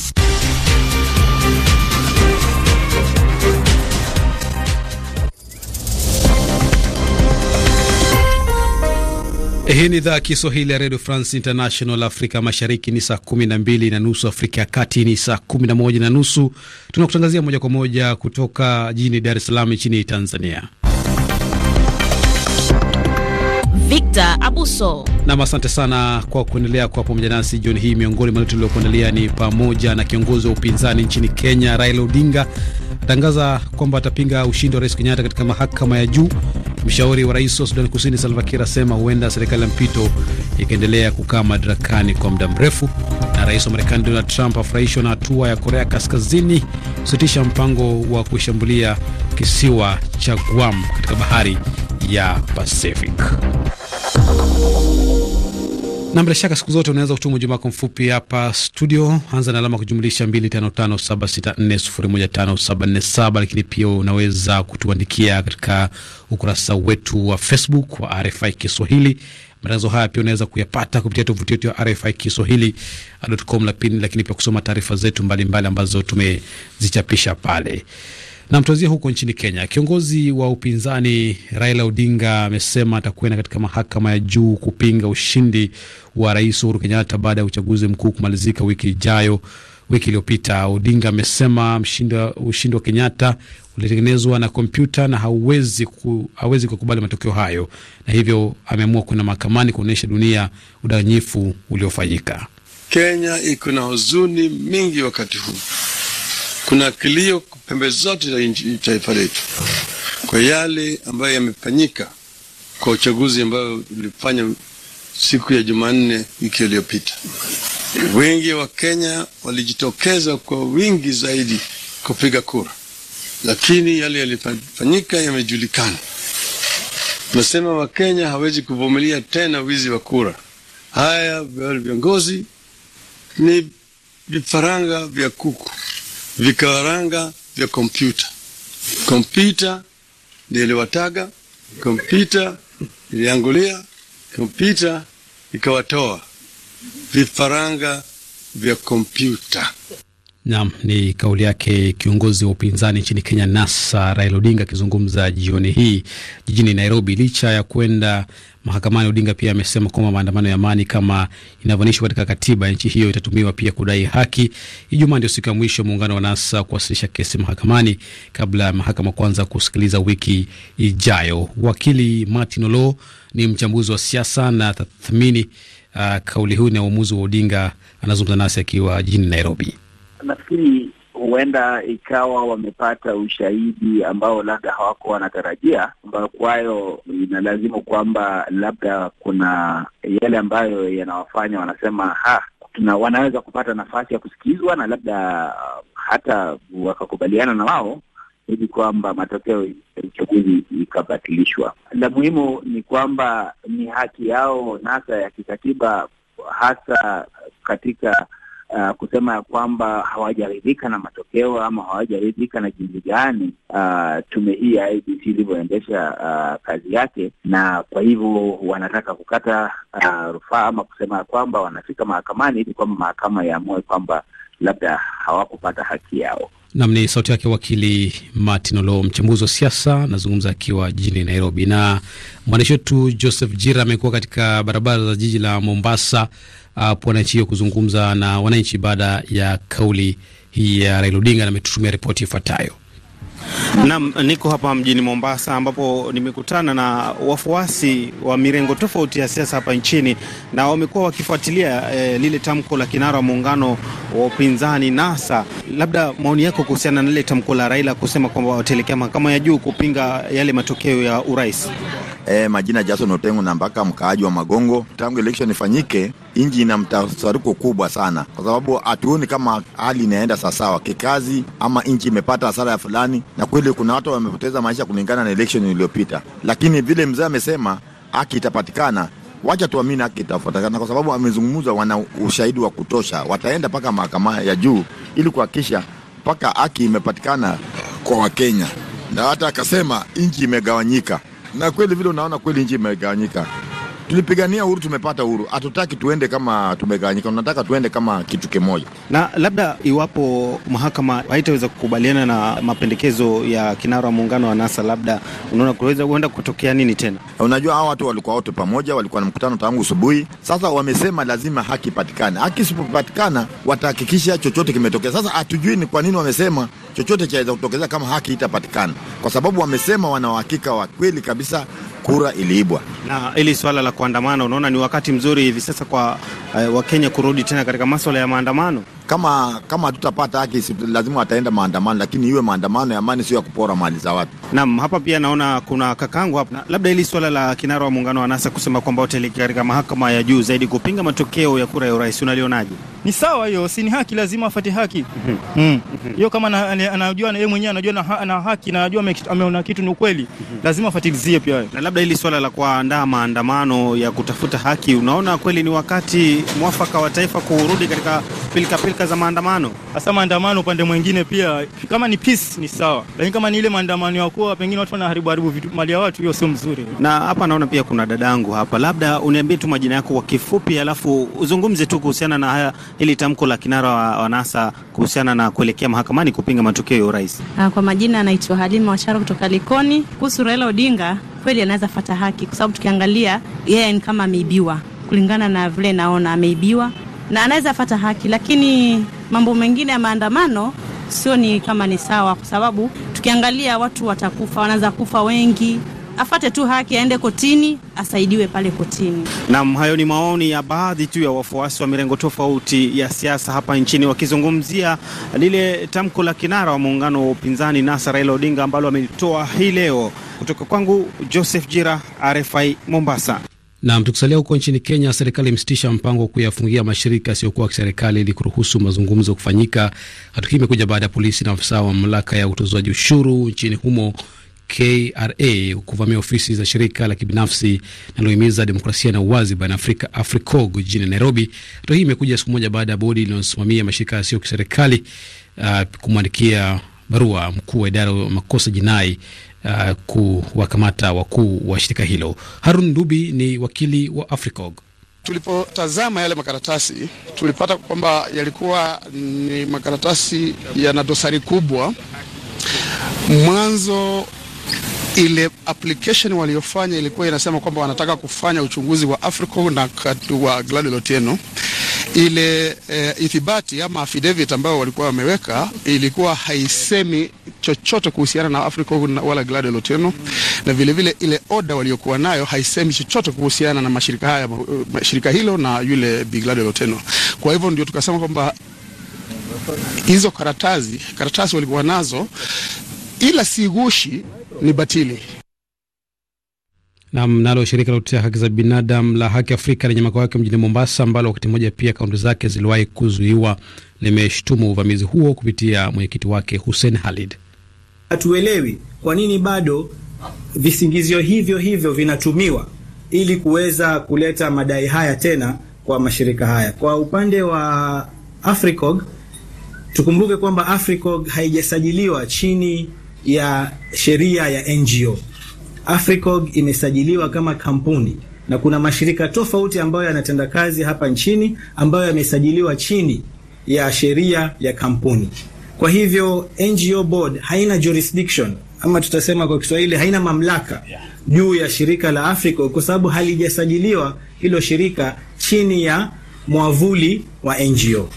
Hii ni idhaa ya Kiswahili ya redio France International. Afrika mashariki ni saa kumi na mbili na nusu, Afrika ya kati ni saa kumi na moja na nusu. Tunakutangazia moja kwa moja kutoka jijini Dar es Salaam nchini Tanzania. Victor Abuso nam, asante sana kwa kuendelea kwa pamoja nasi jioni hii. Miongoni mwa tuliokuandalia ni pamoja na kiongozi wa upinzani nchini Kenya Raila Odinga atangaza kwamba atapinga ushindi wa rais Kenyatta katika mahakama ya juu. Mshauri wa rais wa Sudan Kusini Salva Kiir asema huenda serikali ya mpito ikaendelea kukaa madarakani kwa muda mrefu. Na rais wa Marekani Donald Trump afurahishwa na hatua ya Korea Kaskazini kusitisha mpango wa kushambulia kisiwa cha Guam katika bahari ya Pacific na bila shaka siku zote unaweza kutuma ujumbe wako mfupi hapa studio, anza na alama kujumlisha 255764015747 lakini pia unaweza kutuandikia katika ukurasa wetu wa Facebook wa RFI Kiswahili. Matangazo haya pia unaweza kuyapata kupitia tovuti yetu ya RFI Kiswahili.com, uh, lakini pia kusoma taarifa zetu mbalimbali mbali ambazo tumezichapisha pale. Na mtuanzia huko nchini Kenya, kiongozi wa upinzani Raila Odinga amesema atakwenda katika mahakama ya juu kupinga ushindi wa Rais Uhuru Kenyatta baada ya uchaguzi mkuu kumalizika wiki ijayo. Wiki iliyopita Odinga amesema ushindi wa Kenyatta ulitengenezwa na kompyuta na ku, hawezi kukubali matokeo hayo, na hivyo ameamua kwenda mahakamani kuonyesha dunia udanganyifu uliofanyika. Kenya iko na huzuni mingi wakati huu kuna kilio pembe zote za taifa letu kwa yale ambayo yamefanyika kwa uchaguzi ambayo ulifanya siku ya Jumanne wiki iliyopita. Wengi wa Kenya walijitokeza kwa wingi zaidi kupiga kura, lakini yale yalifanyika yamejulikana. Tunasema Wakenya hawezi kuvumilia tena wizi wa kura. Haya viongozi ni vifaranga vya kuku vikaranga vya kompyuta. Kompyuta niliwataga, kompyuta iliangulia, kompyuta ikawatoa vifaranga vya kompyuta. Naam, ni kauli yake kiongozi wa upinzani nchini Kenya NASA Raila Odinga akizungumza jioni hii jijini Nairobi licha ya kwenda mahakamani. Odinga pia amesema kwamba maandamano ya amani kama inavyoainishwa katika katiba ya nchi hiyo itatumiwa pia kudai haki. Ijumaa ndio siku ya mwisho muungano wa NASA kuwasilisha kesi mahakamani kabla ya mahakama kwanza kusikiliza wiki ijayo. Wakili Martin Olo ni mchambuzi wa siasa na tathmini uh, kauli huu na uamuzi wa Odinga. Anazungumza nasi akiwa jijini Nairobi. Nafikiri huenda ikawa wamepata ushahidi ambao labda hawako wanatarajia, ambayo kwayo inalazimu kwamba labda kuna yale ambayo yanawafanya wanasema ha na wanaweza kupata nafasi ya kusikizwa na labda hata wakakubaliana na wao ili kwamba matokeo ya uchaguzi ikabatilishwa. La muhimu ni kwamba ni haki yao nasa ya kikatiba, hasa katika uh, kusema ya kwamba hawajaridhika na matokeo ama hawajaridhika na jinsi gani uh, tume hii ya IEBC ilivyoendesha uh, kazi yake, na kwa hivyo wanataka kukata uh, rufaa ama kusema ya kwamba wanafika mahakamani ili kwamba mahakama yaamue kwamba labda hawakupata haki yao. Nam ni sauti yake wakili Martin Olo, mchambuzi wa siasa, nazungumza akiwa jijini Nairobi. Na mwandishi wetu Joseph Jira amekuwa katika barabara za jiji la Mombasa, uh, wananchi nchi hiyo kuzungumza na wananchi baada ya kauli hii ya Raila Odinga, na ametutumia ripoti ifuatayo. Naam, niko hapa mjini Mombasa ambapo nimekutana na wafuasi wa mirengo tofauti ya siasa hapa nchini na wamekuwa wakifuatilia eh, lile tamko la kinara wa muungano wa upinzani NASA. Labda maoni yako kuhusiana na lile tamko la Raila kusema kwamba wataelekea mahakama ya juu kupinga yale matokeo ya urais. Eh, majina Jason Otengo na mpaka mkaaji wa Magongo. Tangu election ifanyike, inji ina mtasaruko kubwa sana, kwa sababu hatuoni kama hali inaenda sawasawa kikazi, ama inji imepata hasara ya fulani na kweli kuna watu wamepoteza maisha kulingana na election iliyopita, lakini vile mzee amesema haki itapatikana. Wacha tuamini haki itapatikana, kwa sababu amezungumza, wana ushahidi wa kutosha, wataenda mpaka mahakama ya juu ili kuhakikisha mpaka haki imepatikana kwa Wakenya. Na hata akasema nchi imegawanyika, na kweli vile unaona, kweli nchi imegawanyika tulipigania uhuru, tumepata uhuru. Hatutaki tuende kama tumegawanyika, tunataka tuende kama kitu kimoja. Na labda iwapo mahakama haitaweza kukubaliana na mapendekezo ya kinara wa muungano wa NASA, labda unaona kuweza huenda kutokea nini tena? Unajua, hawa watu walikuwa wote pamoja, walikuwa na mkutano tangu asubuhi. Sasa wamesema lazima haki ipatikane haki isipopatikana watahakikisha chochote kimetokea. Sasa hatujui ni kwa nini wamesema chochote chaweza kutokezea kama haki itapatikana, kwa sababu wamesema wana uhakika wa kweli kabisa kura iliibwa. Na ili swala la kuandamana, unaona ni wakati mzuri hivi sasa kwa uh, eh, Wakenya kurudi tena katika maswala ya maandamano? Kama kama tutapata haki lazima wataenda maandamano, lakini iwe maandamano ya amani, sio ya kupora mali za watu. Naam, hapa pia naona kuna kakangu hapa, labda ili swala la kinara wa muungano wa NASA kusema kwamba wataelekea katika mahakama ya juu zaidi kupinga matokeo ya kura ya urais, unalionaje? ni sawa hiyo, si ni haki, lazima afuate haki mm. hiyo. mm -hmm. mm. Kama anajua yeye mwenyewe anajua na, na, haki na anajua ameona kitu ni ukweli mm -hmm. lazima afuatilizie pia. Na labda hili swala la kuandaa maandamano ya kutafuta haki, unaona kweli ni wakati mwafaka wa taifa kurudi katika pilika pilika za maandamano, hasa maandamano upande mwingine pia. Kama ni peace ni sawa, lakini kama ni ile maandamano ya kuwa pengine watu wanaharibu haribu vitu mali ya watu, hiyo sio mzuri. Na hapa naona pia kuna dadangu hapa, labda uniambie tu majina yako kwa kifupi, alafu uzungumze tu kuhusiana na haya hili tamko la kinara wa, wa NASA kuhusiana na kuelekea mahakamani kupinga matokeo ya urais? Ah, kwa majina anaitwa Halima washara kutoka Likoni. Kuhusu Raila Odinga, kweli anaweza fata haki, kwa sababu tukiangalia yeye ni kama ameibiwa, kulingana na vile naona ameibiwa, na anaweza fata haki, lakini mambo mengine ya maandamano sio ni kama ni sawa, kwa sababu tukiangalia watu watakufa, wanaweza kufa wengi afate tu haki, aende kotini, asaidiwe pale kotini. Nam, hayo ni maoni ya baadhi tu ya wafuasi wa mirengo tofauti ya siasa hapa nchini wakizungumzia lile tamko la kinara wa muungano wa upinzani NASA Raila Odinga ambalo amelitoa hii leo. Kutoka kwangu Joseph Jira, RFI Mombasa. Nam, tukisalia huko nchini Kenya, serikali imesitisha mpango wa kuyafungia mashirika yasiyokuwa kiserikali ili kuruhusu mazungumzo kufanyika. Hatua hii imekuja baada ya polisi na afisa wa mamlaka ya utozaji ushuru nchini humo KRA kuvamia ofisi za shirika la kibinafsi linalohimiza demokrasia na uwazi barani Afrika, AFRICOG, jijini Nairobi. Hatua hii imekuja siku moja baada ya bodi linalosimamia mashirika yasiyo kiserikali uh, kumwandikia barua mkuu wa idara ya makosa jinai uh, kuwakamata wakuu wa shirika hilo. Harun Dubi ni wakili wa AFRICOG. Tulipotazama yale makaratasi tulipata kwamba yalikuwa ni makaratasi yana dosari kubwa. Mwanzo ile application waliofanya ilikuwa inasema kwamba wanataka kufanya uchunguzi wa Africa na wa Gladwell Otieno. Ile e, ithibati ama affidavit ambayo walikuwa wameweka ilikuwa haisemi chochote kuhusiana na Africa wala Gladwell Otieno, na vile vile ile oda waliokuwa nayo haisemi chochote kuhusiana na mashirika haya, mashirika hilo na yule Bi Gladwell Otieno. Kwa hivyo ndio tukasema kwamba hizo karatasi karatasi walikuwa nazo, ila sigushi ni batili. Nam nalo shirika la kutetea haki za binadamu la Haki Afrika lenye makao yake mjini Mombasa, ambalo wakati mmoja pia akaunti zake ziliwahi kuzuiwa, limeshtumu uvamizi huo kupitia mwenyekiti wake Hussein Khalid. Hatuelewi kwa nini bado visingizio hivyo hivyo vinatumiwa ili kuweza kuleta madai haya tena kwa mashirika haya. Kwa upande wa Africog, tukumbuke kwamba Africog haijasajiliwa chini ya sheria ya NGO. Africog imesajiliwa kama kampuni na kuna mashirika tofauti ambayo yanatenda kazi hapa nchini ambayo yamesajiliwa chini ya sheria ya kampuni. Kwa hivyo NGO board haina jurisdiction ama tutasema kwa Kiswahili haina mamlaka juu ya shirika la Africa kwa sababu halijasajiliwa hilo shirika chini ya mwavuli wa NGO.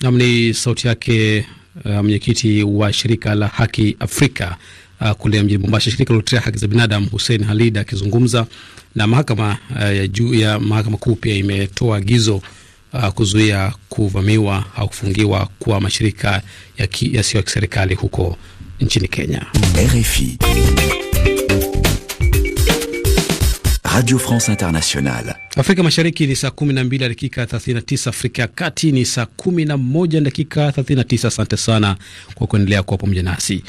Nam ni sauti yake uh, mwenyekiti wa shirika la Haki Afrika uh, kule mjini Mombasa, shirika lilotetea haki za binadamu Hussein Halid akizungumza na mahakama uh, ya juu ya mahakama kuu pia imetoa agizo uh, kuzuia kuvamiwa au kufungiwa kwa mashirika yasiyo ya kiserikali huko nchini Kenya. RFI. Radio France Internationale. Afrika Mashariki ni saa 12 dakika 39, Afrika ya Kati ni saa 11 dakika 39. Asante sana kwa kuendelea kuwa pamoja nasi.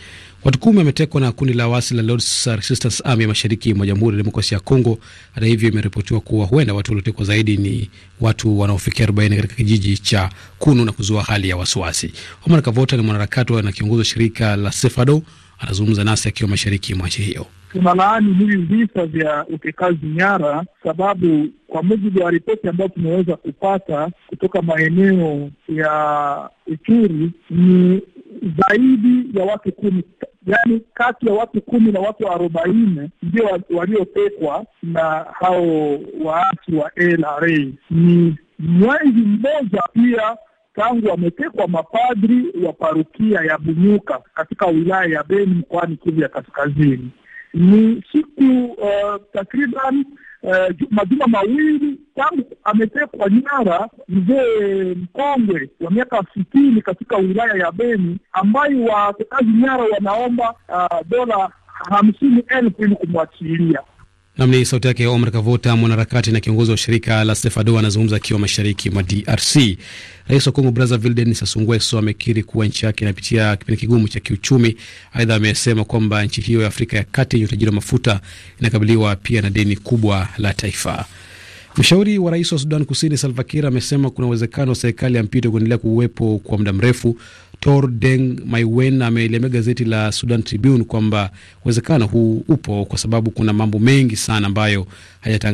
Watu kumi wametekwa na kundi la wasi la Lords Resistance Army mashariki mwa Jamhuri ya Demokrasia ya Kongo. Hata hivyo, imeripotiwa kuwa huenda watu waliotekwa zaidi ni watu wanaofikia 40 katika kijiji cha Kunu na kuzua hali ya wasiwasi. Omar Kavota ni mwanaharakati na kiongozi wa shirika la Sefado Anazungumza nasi akiwa mashariki mwa nchi hiyo. Tunalaani hivi visa vya utekazi nyara, sababu kwa mujibu wa ripoti ambayo tumeweza kupata kutoka maeneo ya Ituri ni zaidi ya watu kumi yaani kati ya watu kumi na watu arobaini ndio waliotekwa na hao waasi wa LRA. Ni mwezi mmoja pia tangu wametekwa mapadri wa parokia ya Bunyuka katika wilaya ya Beni mkoani Kivu ya Kaskazini. Ni siku uh, takriban uh, majuma mawili tangu ametekwa nyara mzee mkongwe wa miaka sitini katika wilaya ya Beni, ambayo watekaji nyara wanaomba uh, dola hamsini elfu ili kumwachilia. Nam ni sauti yake Omar Kavota, mwanaharakati na kiongozi wa shirika la Sefado, anazungumza akiwa mashariki mwa DRC. Rais wa Kongo Brazzaville Denis Sassou Nguesso amekiri kuwa nchi yake inapitia kipindi kigumu cha kiuchumi. Aidha, amesema kwamba nchi hiyo ya Afrika ya Kati yenye utajiri wa mafuta inakabiliwa pia na deni kubwa la taifa. Mshauri wa rais wa Sudan Kusini Salva Kiir amesema kuna uwezekano wa serikali ya mpito kuendelea kuwepo kwa muda mrefu. Tor Deng Maiwen ameliambia gazeti la Sudan Tribune kwamba uwezekano huu upo kwa sababu kuna mambo mengi sana ambayo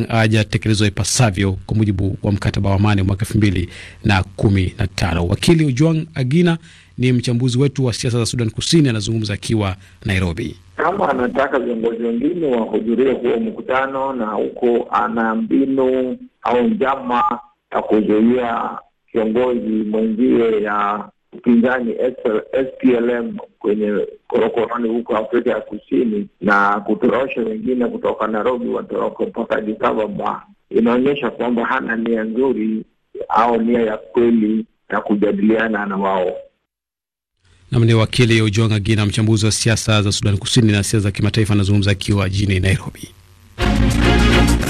hayajatekelezwa ipasavyo kwa mujibu wa mkataba wa amani mwaka elfu mbili na kumi na tano. Wakili juang Agina ni mchambuzi wetu wa siasa za Sudan Kusini, anazungumza akiwa Nairobi kama anataka viongozi wengine wahudhurie huo mkutano, na huko ana mbinu au njama ya kuzuia kiongozi mwenzie ya upinzani SPLM kwenye korokoroni huko Afrika ya Kusini na kutorosha wengine kutoka Nairobi watoroke mpaka Addis Ababa, inaonyesha kwamba hana nia nzuri au nia ya kweli ya kujadiliana na wao. Namni wakili Ujonga Gina, mchambuzi wa siasa za Sudan Kusini na siasa za kimataifa, anazungumza akiwa jijini Nairobi.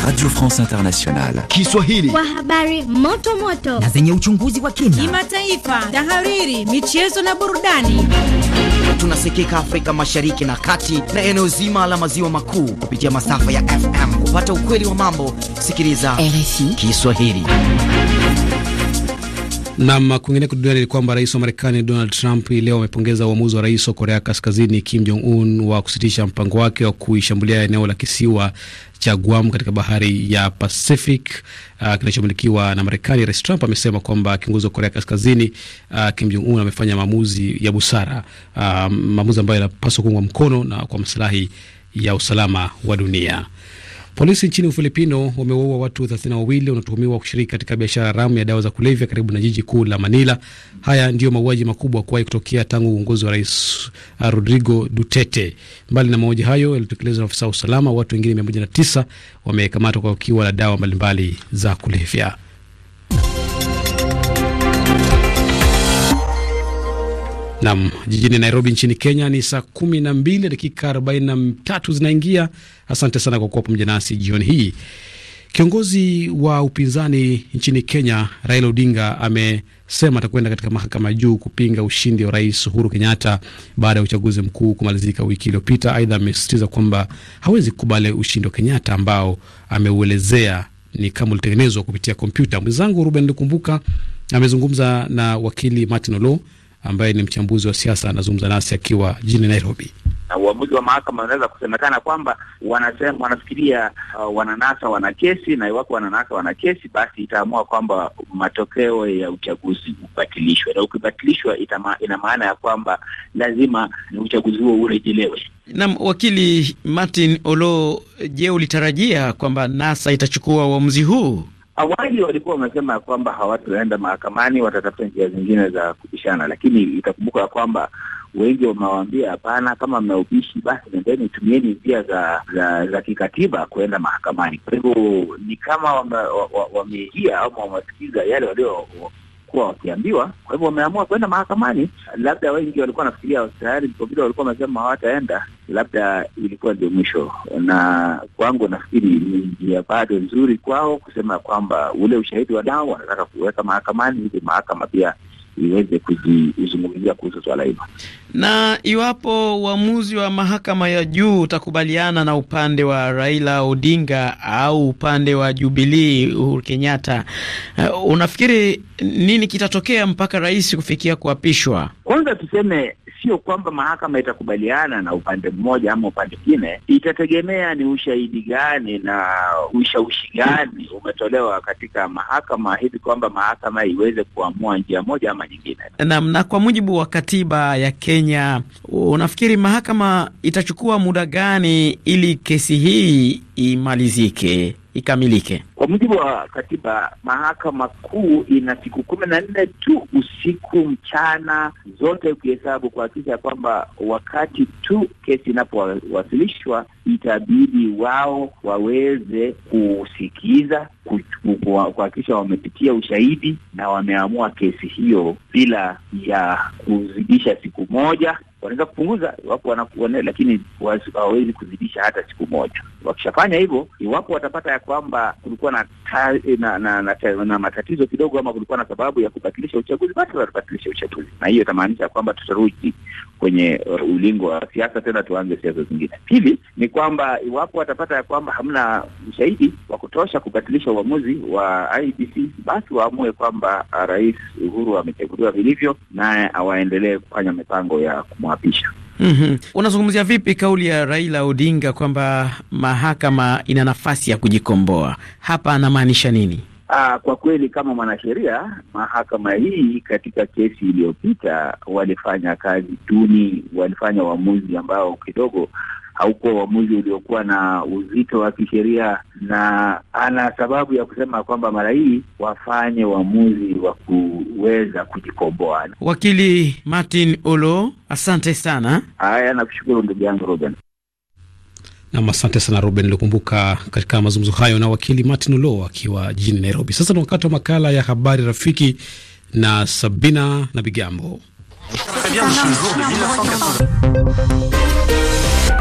Radio France Internationale Kiswahili kwa habari moto moto na zenye uchunguzi wa kina, kimataifa, tahariri, michezo na burudani. Tunasikika Afrika Mashariki na Kati na eneo zima la maziwa makuu kupitia masafa ya FM. Kupata ukweli wa mambo, sikiliza RFI Kiswahili. Nam kwingineko duniani ni kwamba rais wa Marekani Donald Trump leo amepongeza uamuzi wa rais wa Korea Kaskazini Kim Jong Un wa kusitisha mpango wake wa kuishambulia eneo la kisiwa cha Guam katika bahari ya Pacific uh, kinachomilikiwa na Marekani. Rais Trump amesema kwamba kiongozi wa Korea Kaskazini uh, Kim Jong Un amefanya maamuzi ya busara uh, maamuzi ambayo yanapaswa kuungwa mkono na kwa masilahi ya usalama wa dunia. Polisi nchini Ufilipino wamewaua watu 3 wawili wanatuhumiwa kushiriki katika biashara haramu ya dawa za kulevya karibu na jiji kuu la Manila. Haya ndiyo mauaji makubwa kuwahi kutokea tangu uongozi wa Rais uh, Rodrigo Duterte. Mbali na mauaji hayo yalitekelezwa na afisa wa usalama, watu wengine 109 wamekamatwa kwa ukiwa la dawa mbalimbali za kulevya. Nam jijini Nairobi nchini Kenya ni saa kumi na mbili dakika arobaini na tatu zinaingia. Asante sana kwa kuwa pamoja nasi jioni hii. Kiongozi wa upinzani nchini Kenya Raila Odinga amesema atakwenda katika mahakama juu kupinga ushindi wa rais Uhuru Kenyatta baada ya uchaguzi mkuu kumalizika wiki iliyopita. Aidha, amesisitiza kwamba hawezi kukubali ushindi wa Kenyatta ambao ameuelezea ni kama ulitengenezwa kupitia kompyuta. Mwenzangu Ruben Likumbuka amezungumza na wakili Martin Olo ambaye ni mchambuzi wa siasa anazungumza nasi akiwa jijini Nairobi. Na uamuzi wa mahakama unaweza kusemekana kwamba wanasema, wanafikiria uh, wananasa wana kesi, na iwapo wananasa wana kesi, basi itaamua kwamba matokeo ya uchaguzi ubatilishwe, na ukibatilishwa ina maana ya kwamba lazima uchaguzi huo urejelewe. Naam, wakili Martin Olo, je, ulitarajia kwamba NASA itachukua uamuzi huu? Awali walikuwa wamesema ya kwamba hawataenda mahakamani, watatafuta njia zingine za kubishana, lakini itakumbuka ya kwamba wengi wamewaambia hapana, kama mmeubishi basi nendeni, tumieni njia za za, za kikatiba kuenda mahakamani. Kwa hivyo ni kama wameingia wa ama wamesikiza yale walio walikuwa wakiambiwa. Kwa hivyo wameamua kwenda mahakamani. Labda wengi walikuwa wanafikiria tayari, kwa vile walikuwa wamesema hawataenda, labda ilikuwa ndio mwisho. Na kwangu nafikiri ni njia bado nzuri kwao kusema kwamba ule ushahidi wanao wanataka kuweka mahakamani, ili mahakama pia iweze kuzungumzia kuhusu swala hilo. Na iwapo uamuzi wa mahakama ya juu utakubaliana na upande wa Raila Odinga au upande wa jubilii Uhuru Kenyatta, uh, unafikiri nini kitatokea mpaka rais kufikia kuapishwa? Kwanza tuseme sio kwamba mahakama itakubaliana na upande mmoja ama upande mwingine, itategemea ni ushahidi gani na ushawishi gani umetolewa katika mahakama, hivi kwamba mahakama iweze kuamua njia moja ama nyingine. Naam. Na kwa mujibu wa katiba ya Kenya, unafikiri mahakama itachukua muda gani ili kesi hii imalizike? ikamilike. Kwa mujibu wa katiba, mahakama kuu ina siku kumi na nne tu, usiku, mchana, zote ukihesabu, kuhakikisha ya kwamba wakati tu kesi inapowasilishwa itabidi wao waweze kusikiza, kuhakikisha wamepitia ushahidi na wameamua kesi hiyo bila ya kuzidisha siku moja wanaweza kupunguza iwapo wanakuona, lakini hawawezi kuzidisha hata siku moja. Wakishafanya hivyo, iwapo watapata ya kwamba kulikuwa na, na, na, na, na matatizo kidogo ama kulikuwa na sababu ya kubatilisha uchaguzi, basi watabatilisha uchaguzi, na hiyo itamaanisha kwamba tutarudi kwenye uh, ulingo wa siasa tena, tuanze siasa zingine. Pili ni kwamba iwapo watapata ya kwamba hamna ushahidi wa kutosha kubatilisha uamuzi wa IBC, basi waamue kwamba uh, Rais Uhuru amechaguliwa vilivyo, naye awaendelee kufanya mipango ya kumwa kumwapisha. Mm -hmm. Unazungumzia vipi kauli ya Raila Odinga kwamba mahakama ina nafasi ya kujikomboa? Hapa anamaanisha nini? Aa, ah, kwa kweli kama mwanasheria, mahakama hii katika kesi iliyopita walifanya kazi tuni, walifanya uamuzi ambao kidogo haukuwa uamuzi uliokuwa na uzito wa kisheria, na ana sababu ya kusema kwamba mara hii wafanye uamuzi wa kuweza kujikomboa. Wakili Martin Olo, asante sana. Haya, nakushukuru ndugu yangu Ruben. Nam, asante sana Ruben Lukumbuka katika mazungumzo hayo na wakili Martin Olo akiwa jijini Nairobi. Sasa ni wakati wa makala ya habari rafiki na Sabina na Bigambo.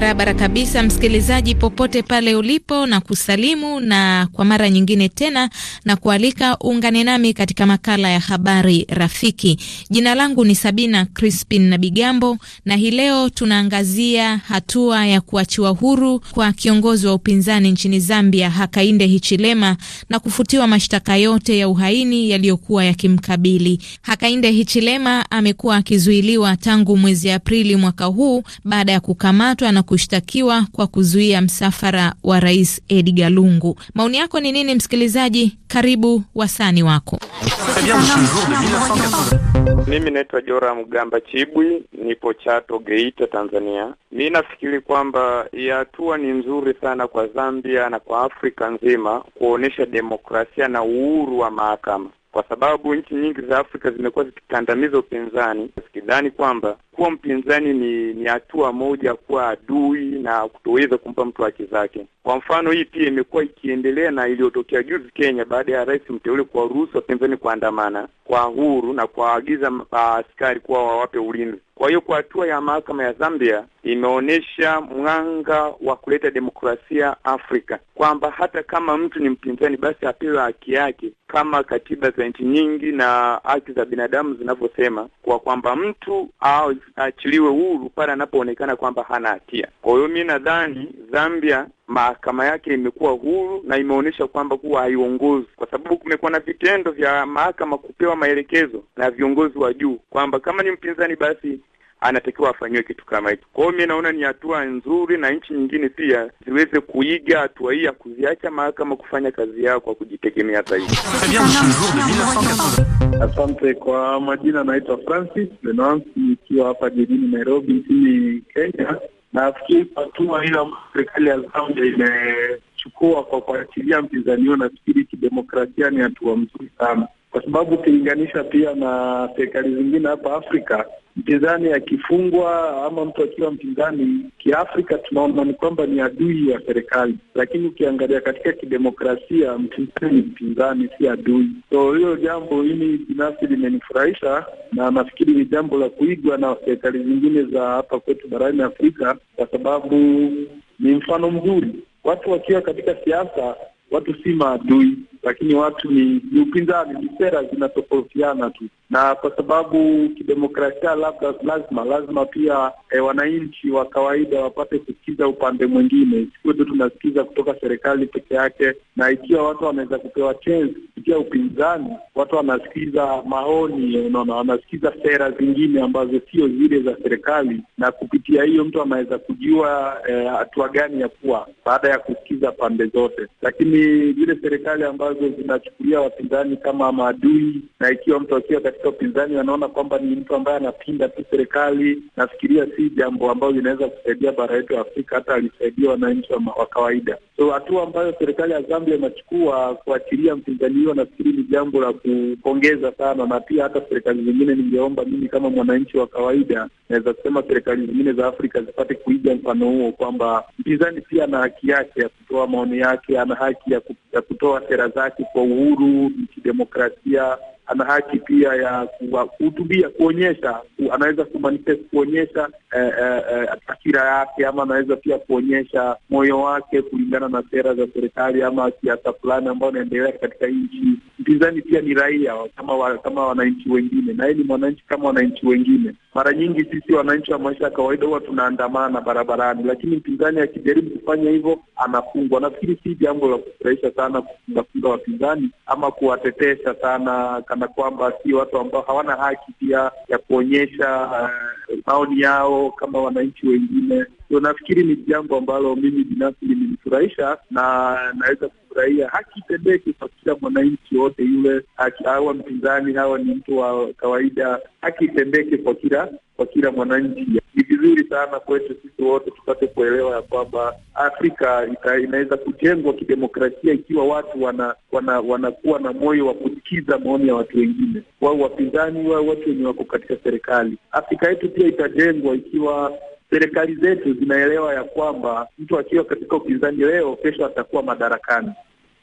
barabara kabisa, msikilizaji popote pale ulipo, na kusalimu na kwa mara nyingine tena na kualika uungane nami katika makala ya habari rafiki. Jina langu ni Sabina Crispin na Bigambo, na hii leo tunaangazia hatua ya kuachiwa huru kwa kiongozi wa upinzani nchini Zambia Hakainde Hichilema na kufutiwa mashtaka yote ya uhaini yaliyokuwa yakimkabili. Hakainde Hichilema amekuwa akizuiliwa tangu mwezi Aprili mwaka huu baada ya kukamatwa na kushtakiwa kwa kuzuia msafara wa Rais Edgar Lungu. Maoni yako ni nini, msikilizaji? Karibu wasani wako. Mimi naitwa Jora Mgamba Chibwi, nipo Chato, Geita, Tanzania. Mi nafikiri kwamba hii hatua ni nzuri sana kwa Zambia na kwa Afrika nzima kuonyesha demokrasia na uhuru wa mahakama kwa sababu nchi nyingi za Afrika zimekuwa zikikandamiza upinzani. Sikidhani kwamba kuwa mpinzani ni ni hatua moja kuwa adui na kutoweza kumpa mtu haki zake. Kwa mfano, hii pia imekuwa ikiendelea na iliyotokea juzi Kenya, baada ya rais mteule kuwaruhusu wapinzani kuandamana kwa huru na kuwaagiza ah, askari kuwa wawape ulinzi. Kwa hiyo kwa hatua ya mahakama ya Zambia imeonyesha mwanga wa kuleta demokrasia Afrika, kwamba hata kama mtu ni mpinzani, basi apewe haki yake kama katiba za nchi nyingi na haki za binadamu zinavyosema, kwa kwamba mtu aachiliwe huru pale anapoonekana kwamba hana hatia. Kwa hiyo mi nadhani Zambia mahakama yake imekuwa huru na imeonyesha kwamba kuwa haiongozi, kwa sababu kumekuwa na vitendo vya mahakama kupewa maelekezo na viongozi wa juu kwamba kama ni mpinzani basi anatakiwa afanyiwe kitu kama hicho. Kwa hiyo naona ni hatua nzuri, na nchi nyingine pia ziweze kuiga hatua hii ya kuziacha mahakama kufanya kazi yao kwa kujitegemea zaidi. Asante. Kwa majina anaitwa Francis Lenonsi, nikiwa hapa jijini Nairobi nchini Kenya. Nafikiri hatua hiyo ambayo serikali ya Zambia imechukua kwa kuachilia mpinzani huo, nafikiri kidemokrasia ni hatua mzuri sana kwa sababu ukilinganisha pia na serikali zingine hapa Afrika, mpinzani akifungwa ama mtu akiwa mpinzani kiafrika, tunaona ni kwamba ni adui ya serikali, lakini ukiangalia katika kidemokrasia, mpinzani ni mpinzani, si adui. So hiyo jambo hili binafsi limenifurahisha na nafikiri ni jambo la kuigwa na serikali zingine za hapa kwetu barani Afrika, kwa sababu ni mfano mzuri. Watu wakiwa katika siasa watu si maadui, lakini watu ni, ni upinzani, ni sera zinatofautiana tu, na kwa sababu kidemokrasia labda lazima lazima pia e, wananchi wa kawaida wapate kusikiza upande mwingine, isiwe tu tunasikiza kutoka serikali peke yake. Na ikiwa watu wanaweza kupewa chance kupitia upinzani, watu wanasikiza maoni, unaona, wanasikiza sera zingine ambazo sio zile za serikali, na kupitia hiyo mtu anaweza kujua eh, hatua e, gani ya kuwa baada ya kusikiza pande zote, lakini ni zile serikali ambazo zinachukulia wapinzani kama maadui, na ikiwa mtu akiwa katika upinzani anaona kwamba ni mtu ambaye anapinga tu serikali, nafikiria si jambo ambayo linaweza kusaidia bara yetu ya Afrika, hata alisaidia wananchi wa kawaida. So hatua ambayo serikali ya Zambia inachukua kuachilia mpinzani huyo, nafikiri ni jambo la kupongeza sana, na pia hata serikali zingine, ningeomba mimi kama mwananchi wa kawaida, naweza kusema serikali zingine za Afrika zipate kuiga mfano huo, kwamba mpinzani pia ana haki yake ya kutoa maoni yake, ana haki ya kutoa sera zake kwa uhuru, kidemokrasia ana haki pia ya kuhutubia, kuonyesha, anaweza kumanifest, kuonyesha hasira eh, eh, eh yake, ama anaweza pia kuonyesha moyo wake kulingana na sera za serikali ama siasa fulani ambayo anaendelea katika nchi. Mpinzani pia ni raia kama wa, kama wananchi wengine, na yeye ni mwananchi kama wananchi wengine. Mara nyingi sisi wananchi wa maisha ya kawaida huwa tunaandamana barabarani, lakini mpinzani akijaribu kufanya hivyo anafungwa. Nafikiri si jambo la kufurahisha sana kufungafunga wapinzani ama kuwatetesha sana kana kwamba si watu ambao hawana haki pia ya kuonyesha eh, maoni yao kama wananchi wengine. So, nafikiri ni jambo ambalo mimi binafsi limenifurahisha na naweza kufurahia. Haki itendeke kwa kila mwananchi wote yule, hawa mpinzani, hawa ni mtu wa kawaida. Haki itendeke kwa kila kwa kila mwananchi ni vizuri sana kwetu sisi wote tupate kuelewa ya kwamba Afrika ita, inaweza kujengwa kidemokrasia ikiwa watu wana, wana, wanakuwa na moyo wa kusikiza maoni ya watu wengine, wao wapinzani, wao watu wenye wako katika serikali. Afrika yetu pia itajengwa ikiwa serikali zetu zinaelewa ya kwamba mtu akiwa katika upinzani leo, kesho atakuwa madarakani.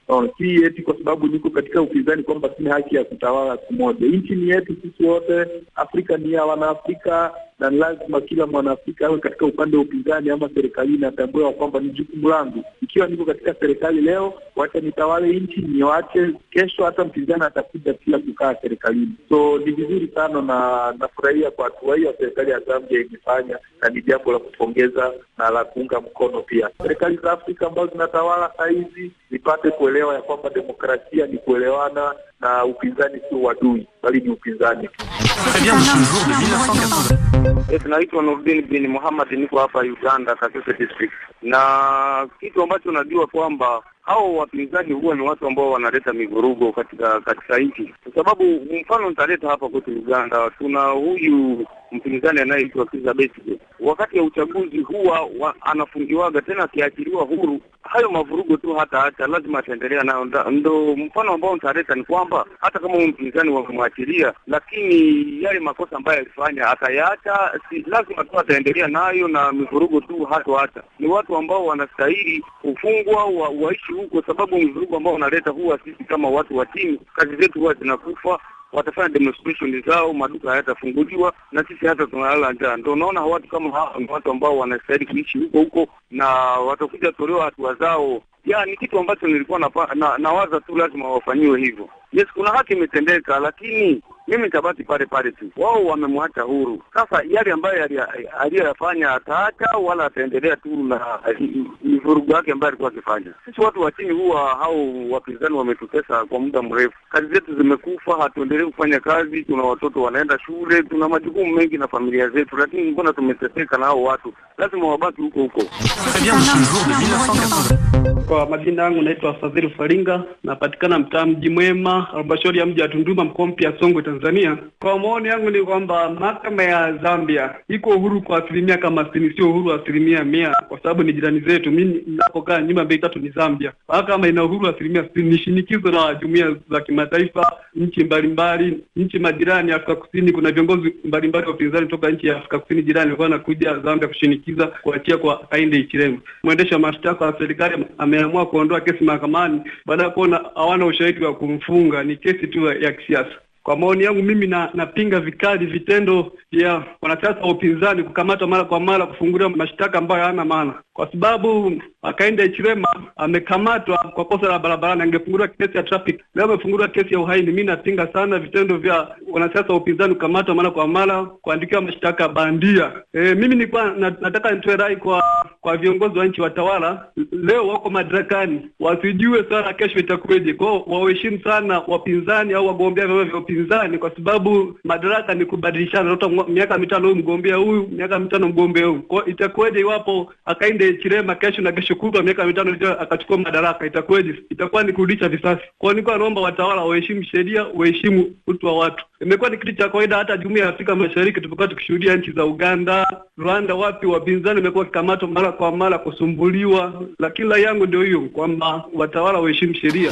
Oh, si eti kwa sababu niko katika upinzani kwamba sina haki ya kutawala siku moja. Nchi ni yetu sisi wote, Afrika ni ya Wanaafrika, na lazima kila Mwanaafrika awe katika upande wa upinzani ama serikalini, atambue kwamba ni jukumu langu. Ikiwa niko katika serikali leo, wacha nitawale nchi, niwache kesho, hata mpinzani atakuja pia kukaa serikalini. So ni vizuri sana, na nafurahia kwa hatua hiyo serikali ya Zambia imefanya, na ni jambo la kupongeza na la kuunga mkono. Pia serikali za Afrika ambazo zinatawala saa hizi zipate kuelewa kuelewa ya kwamba demokrasia ni kuelewana, na upinzani sio wadui, bali ni upinzani eh, tu. Naitwa Nurdin bin Muhammad, niko hapa Uganda, Kasese district, na kitu ambacho najua kwamba hao wapinzani huwa ni watu ambao wanaleta mivurugo katika katika nchi, kwa sababu mfano nitaleta hapa kwetu Uganda, tuna huyu mpinzani anayeitwa Kizza Besigye. Wakati ya uchaguzi huwa wa, anafungiwaga tena, akiachiliwa huru, hayo mavurugo tu hata hata lazima ataendelea nayo. Ndo mfano ambao nitaleta ni kwamba kwamba hata kama huyu mpinzani wamemwachilia, lakini yale makosa ambayo alifanya akayaacha, si lazima tu ataendelea nayo na mivurugo tu. Hata hata ni watu ambao wanastahili kufungwa wa, waishi huko, sababu mivurugo ambao wanaleta huwa sisi kama watu wa timu, kazi zetu huwa zinakufa watafanya demonstration zao, maduka hayatafunguliwa na sisi hata tunalala njaa. Ndio unaona watu kama hawa ni watu ambao wanastahili kuishi huko huko na watakuja tolewa hatua zao. Ya ni kitu ambacho nilikuwa nawaza na, na tu lazima wafanyiwe hivyo. Yes, kuna haki imetendeka, lakini mimi nitabaki pale pale tu. Wao wamemwacha huru, sasa yale ambayo aliyoyafanya ataacha wala ataendelea tu na mivurugo yake ambayo alikuwa akifanya. Sisi watu wa chini huwa hao wapinzani wametutesa kwa muda mrefu, kazi zetu zimekufa, hatuendelee kufanya kazi. Tuna watoto wanaenda shule, tuna majukumu mengi na familia zetu, lakini mbona tumeteseka na hao watu? Lazima wabaki huko huko. Kwa majina yangu naitwa Fadhili Faringa, napatikana mtaa Mji Mwema Tunduma, halmashauri ya mji wa Tunduma, mkoa mpya Songwe, Tanzania. Kwa maoni yangu ni kwamba mahakama ya Zambia iko uhuru kwa asilimia kama sitini, sio wa asilimia mia, kwa sababu ni jirani zetu. Mimi ninapokaa nyumba mbili tatu ni Zambia, mahakama ina uhuru asilimia sitini. Ni shinikizo la jumuiya za kimataifa, nchi mbalimbali, nchi majirani Afrika Kusini. Kuna viongozi mbalimbali wa upinzani toka nchi ya Afrika Kusini jirani walikuwa wanakuja Zambia kushinikiza kuachia kwa Hakainde Hichilema. Mwendesha mashtaka wa serikali ameamua kuondoa kesi mahakamani baada ya kuona hawana ushahidi wa kumfunga Lunga ni kesi tu ya kisiasa. Kwa maoni yangu mimi na, napinga vikali vitendo vya wanasiasa wa upinzani kukamatwa mara kwa mara, kufunguliwa mashtaka ambayo hayana maana, kwa sababu akaenda Ichirema amekamatwa kwa kosa la barabarani, angefunguliwa kesi ya traffic, leo amefunguliwa kesi ya uhaini. Mi napinga sana vitendo vya wanasiasa wa upinzani kukamatwa mara kwa mara, kuandikiwa mashtaka bandia. E, mimi nilikuwa nataka nitoe rai kwa kwa viongozi wa nchi watawala, leo wako madarakani, wasijue sana kesho itakuweje kwao, waheshimu sana wapinzani au wagombea vyama vya upinzani, kwa sababu madaraka ni kubadilishana, tota miaka mitano huyu mgombea huyu, miaka mitano mgombea huyu. kwao itakuwaje iwapo akaende Chirema kesho na kesho kutwa miaka mitano ijayo akachukua madaraka? Itakuwaje? Itakuwa ni kurudisha visasi. Kwao nilikuwa naomba watawala waheshimu sheria, waheshimu utu wa watu. Imekuwa ni kitu cha kawaida, hata jumuiya ya Afrika Mashariki tumekuwa tukishuhudia nchi za Uganda, Rwanda, wapi wapinzani wamekuwa wakikamatwa mara kwa mara, kusumbuliwa. Lakini rai yangu ndio hiyo kwamba watawala waheshimu sheria.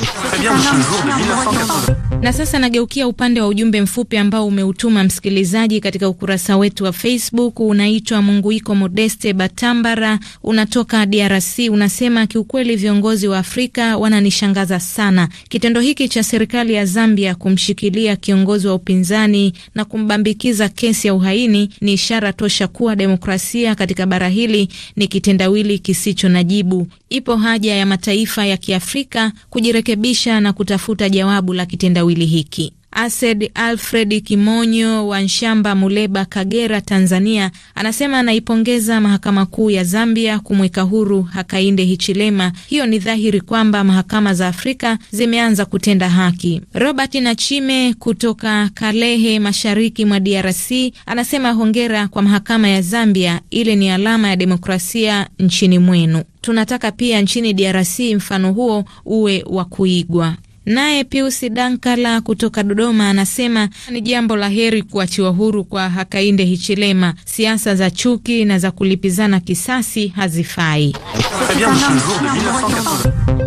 Na sasa nageukia upande upande wa ujumbe mfupi ambao umeutuma msikilizaji katika ukurasa wetu wa Facebook unaitwa Munguiko Modeste Batambara, unatoka DRC. Unasema kiukweli, viongozi wa Afrika wananishangaza sana. Kitendo hiki cha serikali ya Zambia kumshikilia kiongozi wa upinzani na kumbambikiza kesi ya uhaini ni ishara tosha kuwa demokrasia katika bara hili ni kitendawili kisicho na jibu. Ipo haja ya mataifa ya Kiafrika kujirekebisha na kutafuta jawabu la kitendawili hiki. Ased Alfred Kimonyo wa Nshamba, Muleba, Kagera, Tanzania, anasema anaipongeza mahakama kuu ya Zambia kumweka huru Hakainde Hichilema. Hiyo ni dhahiri kwamba mahakama za Afrika zimeanza kutenda haki. Robert Nachime kutoka Kalehe, mashariki mwa DRC, anasema hongera kwa mahakama ya Zambia, ile ni alama ya demokrasia nchini mwenu. Tunataka pia nchini DRC mfano huo uwe wa kuigwa. Naye Pius Dankala kutoka Dodoma anasema ni jambo la heri kuachiwa huru kwa Hakainde Hichilema. Siasa za chuki na za kulipizana kisasi hazifai.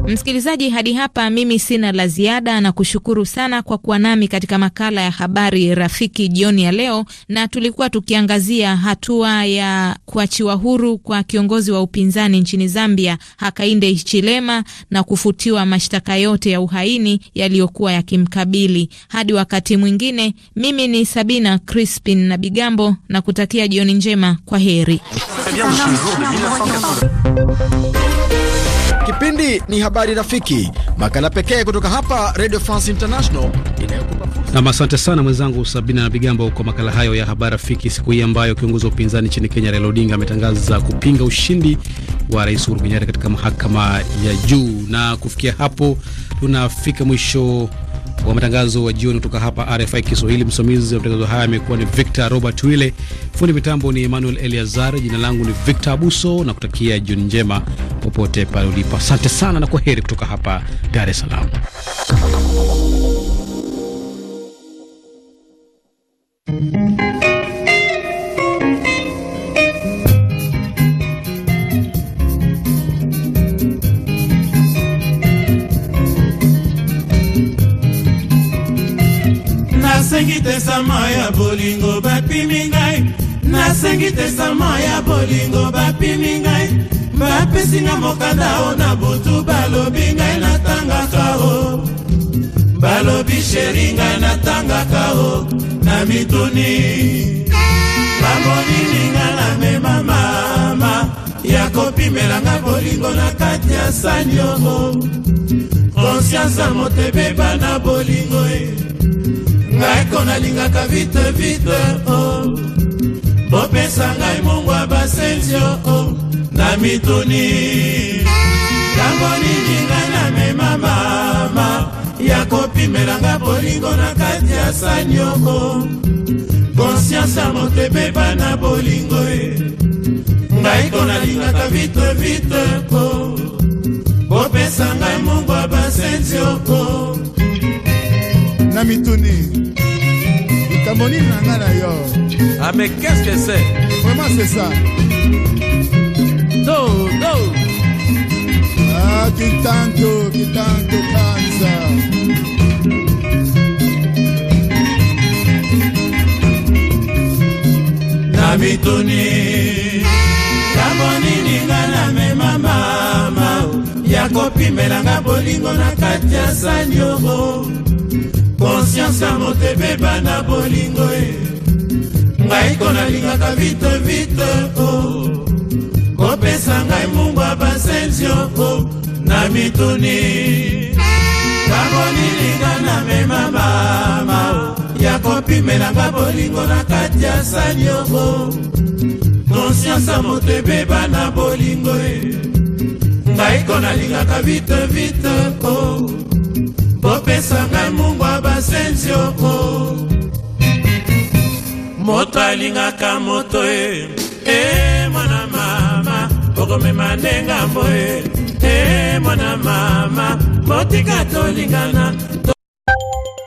Msikilizaji, hadi hapa mimi sina la ziada na kushukuru sana kwa kuwa nami katika makala ya habari rafiki jioni ya leo, na tulikuwa tukiangazia hatua ya kuachiwa huru kwa kiongozi wa upinzani nchini Zambia Hakainde Hichilema na kufutiwa mashtaka yote ya uhaini yaliyokuwa yakimkabili. Hadi wakati mwingine, mimi ni Sabina Crispin na Bigambo na kutakia jioni njema, kwa heri. Eh, Kipindi ni Habari Rafiki, makala pekee kutoka hapa Radio France International inayokupa fursa. Asante sana mwenzangu Sabina na Bigambo kwa makala hayo ya Habari Rafiki, siku hii ambayo kiongozi wa upinzani nchini Kenya Raila Odinga ametangaza kupinga ushindi wa Rais Uhuru Kenyatta katika mahakama ya juu. Na kufikia hapo tunafika mwisho wa matangazo wa jioni kutoka hapa RFI Kiswahili. Msimamizi wa matangazo haya amekuwa ni Victor Robert Wille, fundi mitambo ni Emmanuel Eliazar, jina langu ni Victor Abuso na kutakia jioni njema popote pale ulipo. Asante sana na kwa heri kutoka hapa Dar es Salaam. nasengi te sama ya bolingo bapimi ngai nasengi te sama ya bolingo bapimi ngai bapesinga mokanda o na butu balobi ngai natangaka o balobi sheri ngai natangaka o na mituni bamoninga na mema mama ya kopimelanga bolingo na kati ya sani oo konsiansa motebeba na bolingo e ngaiko nalingaka vite vite o oh. bopesa ngai mongwa basensio o oh, oh. na mituni yango nini ngai namema mama ya kopimelanga bolingo na kati ya sanioko konsianse ya moto ebeba na bolingo e ngai ko nalingaka vite vite ko bopesa ngai mongwa basensio ko na mituni likambo nini na ngai na yo ah mais qu'est-ce que c'est vraiment c'est ça no no ah kitanto kitanto kanza mituni yango nini nga na mema mama ya kopimelanga bolingo na kati ya saniogo konscience ya moto ebeba na bolingo e ngai konalingaka vite vite o kopesa ngai mungwa basenzio o na mituni ntango nilinga na mema mama ya kopimelanga bolingo na kati ya sani yongo konscience ya moto ebeba na bolingo e ngai konalingaka vite vite o oh. apesa ngai mungwa basenzi oo moto alingaka moto e e mwana mama okomema nde ngambo e e mwana mama motika tolingana